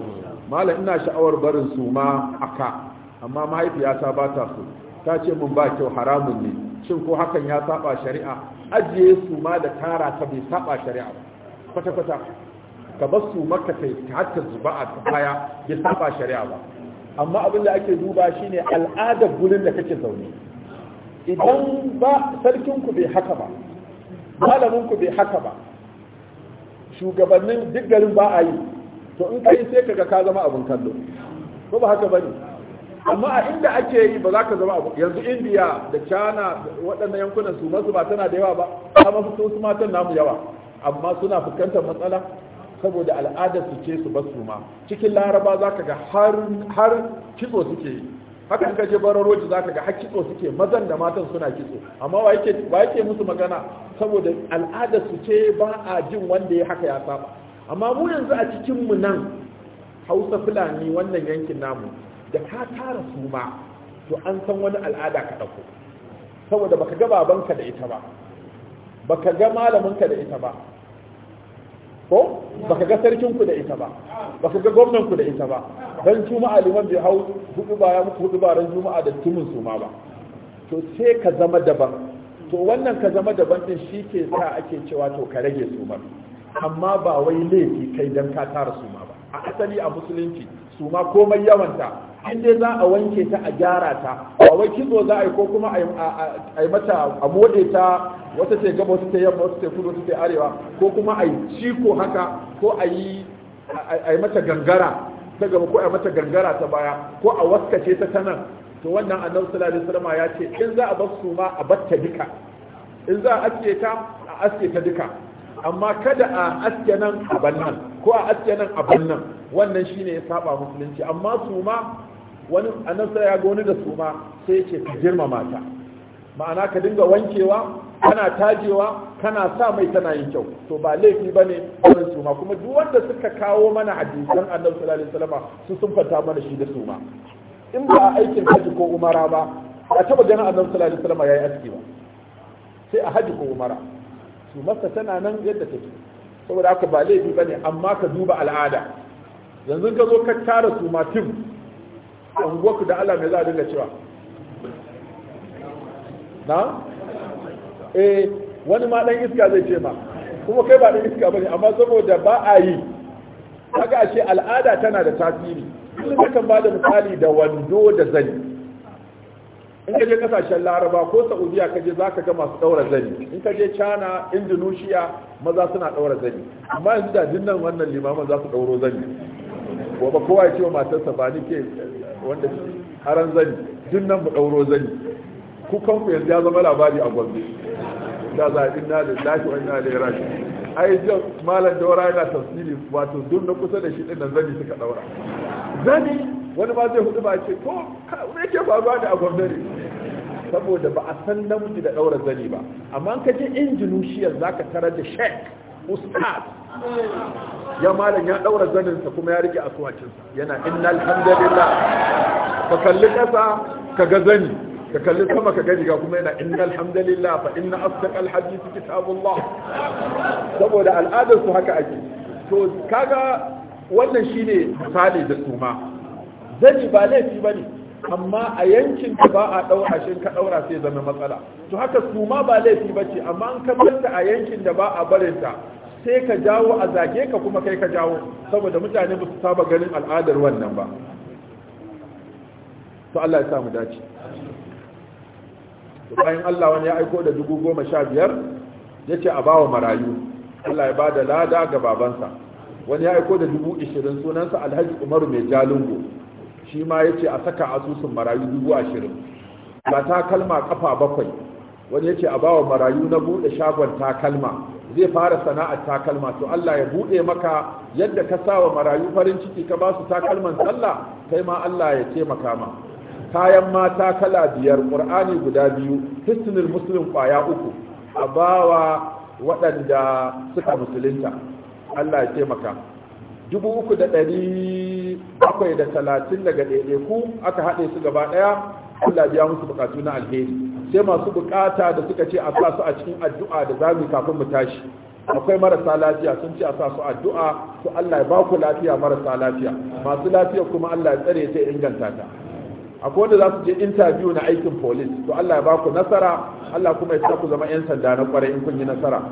mallam ina sha'awar barin su ma aka amma mahaifiyata ba ta so ta ce mun ba kyau haramun ne shin ko hakan ya saba shari'a ajiye su ma da tara ta bai saba shari'a kwata kwata ka bar su maka kai hatta zuba a baya ya saba shari'a ba amma abin da ake duba shine al'adar gurin da kake zaune idan ba sarkin ku bai haka ba malamin ku bai haka ba shugabannin duk garin ba a yi to in kai sai kaga ka zama abin kallo ko ba haka bane amma a inda ake yi ba za ka zama abu yanzu indiya da china waɗannan yankunan su masu ba tana da yawa ba amma su su matan namu yawa amma suna fuskantar matsala saboda al'adar su ce su basu ma cikin laraba za ka ga har kitso suke yi haka in kaje bararoji za ka ga har kitso suke mazan da matan suna kitso amma wa yake musu magana saboda al'adar su ce ba a jin wanda ya haka ya saba amma mu yanzu a cikin mu nan hausa fulani wannan yankin namu da ka tara su ma to an san wani al'ada ka ɗauko saboda baka ga babanka da ita ba baka ga malaminka da ita ba ko baka ga sarkinku da ita ba baka ga gwamnanku da ita ba dan juma'a liman bai hau hudu ba ya muku hudu ba ran juma'a da timin su ma ba to sai ka zama daban to wannan ka zama daban din shi ke sa ake cewa to ka rage su ma amma ba wai laifi kai dan ka tara su ma ba a asali a musulunci su ma komai yawanta in dai za a wanke ta a gyara ta a wai kitso za a yi ko kuma a yi mata a mode ta wata ce gaba wata ce yamma wata ce kudu wata ce arewa ko kuma a yi ciko haka ko a yi mata gangara ta gaba ko a yi mata gangara ta baya ko a waskace ta ta to wannan annabi sallallahu alaihi wasallam ya ce in za a bar su ma a batta duka in za a aske ta a aske ta duka amma kada a aske nan a bannan ko a aske nan a bannan wannan shine ya saba musulunci amma su ma wani annabta ya goni da su ma sai ya ka girmama ta ma'ana ka dinga wankewa kana tajewa kana sa mai tana yin kyau to ba laifi ba ne wannan su ma kuma duk wanda suka kawo mana hadisan annabi sallallahu alaihi wasallam su sun fata mana shi da su ma in ba a aikin haji ko umara ba a taba ganin annabi sallallahu alaihi wasallam yayi aski ba sai a haji ko umara su masa tana nan yadda take saboda haka ba laifi bane amma ka duba al'ada yanzu ka zo ka tara su ma tim unguwarku da Allah me za a dinga cewa na eh wani ma dan iska zai ce ma kuma kai ba dan iska bane amma saboda ba a yi kaga ashe al'ada tana da tasiri kuma kan ba da misali da wando da zani in ka je kasashen laraba ko saudiya ka je za ka ga masu daura zani in ka je china indonesia maza suna daura zani amma yanzu da dinnan wannan limaman za su dauro zani gobe kowa ya ce wa matarsa ba ni ke wanda haran zani dinnan mu dauro zani ku yanzu ya zama labari a gombe da za inna lillahi wa inna a yi ai malam daura yana tafsiri wato duk na kusa da shi din nan zani suka daura zani wani ma zai hudu ba ce ko me ke faruwa da agon zani saboda ba a san namiji da daura zani ba amma ka je injinushiyar zaka tara da shek ustaz ya malam ya daura zaninsa kuma ya rike asuwacinsa yana innal hamdalillah ka kalli kasa ka ga zani ka kalli sama ka gani ga kuma yana innal hamdalillah fa inna asdaqal hadith kitabullah saboda al'adarsu su haka ake to kaga wannan shi ne misali da suma zani ba laifi ne. amma a yankin da ba a ɗaura shi ka ɗaura sai zama matsala to haka suma ba laifi ce, amma an kamar ta a yankin da ba a barinta sai ka jawo a zage ka kuma kai ka jawo saboda mutane ba su saba ganin al'adar wannan ba to Allah ya sa mu dace bayan Allah wani ya aiko da dubu goma sha biyar ya a bawa marayu Allah ya bada lada ga babansa wani ya aiko da dubu ishirin sunansa alhaji umaru mai jalingo shi ma ya ce a saka asusun marayu dubu ashirin ta takalma kafa bakwai wani ya ce a bawa marayu na buɗe shagon takalma zai fara sana'ar takalma to Allah ya buɗe maka yadda ka sa wa marayu farin ciki ka ba su takalman sallah kai ma Allah ya taimaka ma kayan mata kala biyar ƙur'ani guda biyu hisnul muslim kwaya uku a bawa waɗanda suka musulunta Allah ya taimaka dubu uku da ɗari bakwai da talatin daga ku aka haɗe su gaba ɗaya Allah biya musu bukatu na alheri sai masu bukata da suka ce a sa su a cikin addu'a da zamu kafin mu tashi akwai marasa lafiya sun ce a sa su addu'a to Allah ya ba ku lafiya marasa lafiya masu lafiya kuma Allah ya tsare ta inganta ta akwai wanda za su je interview na aikin police to Allah ya ba ku nasara Allah kuma ya sa ku zama 'yan sanda na kwarai in kun yi nasara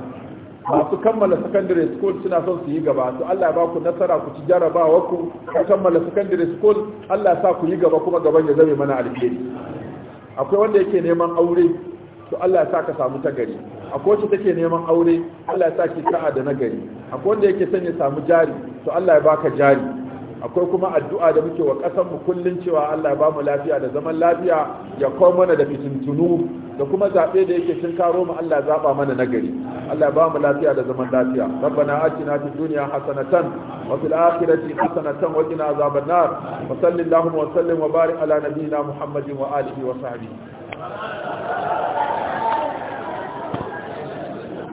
masu kammala secondary school suna son su yi gaba to Allah ya ba ku nasara ku ci jarabawa ku ku kammala secondary school Allah sa ku yi gaba kuma gaban ya zame mana alheri akwai wanda yake neman aure to Allah ya sa ka samu ta gari akwai wacce take neman aure Allah ya sa ki ta'a da nagari akwai wanda yake son ya samu jari to Allah ya baka jari akwai kuma addu'a da muke wa ƙasar mu kullun cewa Allah ya lafiya da zaman lafiya ya kawo mana da fitintunu da kuma zaɓe da yake cin karo mu Allah zaɓa mana nagari Allah ya lafiya da zaman lafiya rabbana atina fid dunya hasanatan wa fil akhirati hasanatan wa qina azaban nar wa sallallahu wa sallim wa barik ala nabiyyina muhammadin wa alihi wa sahbihi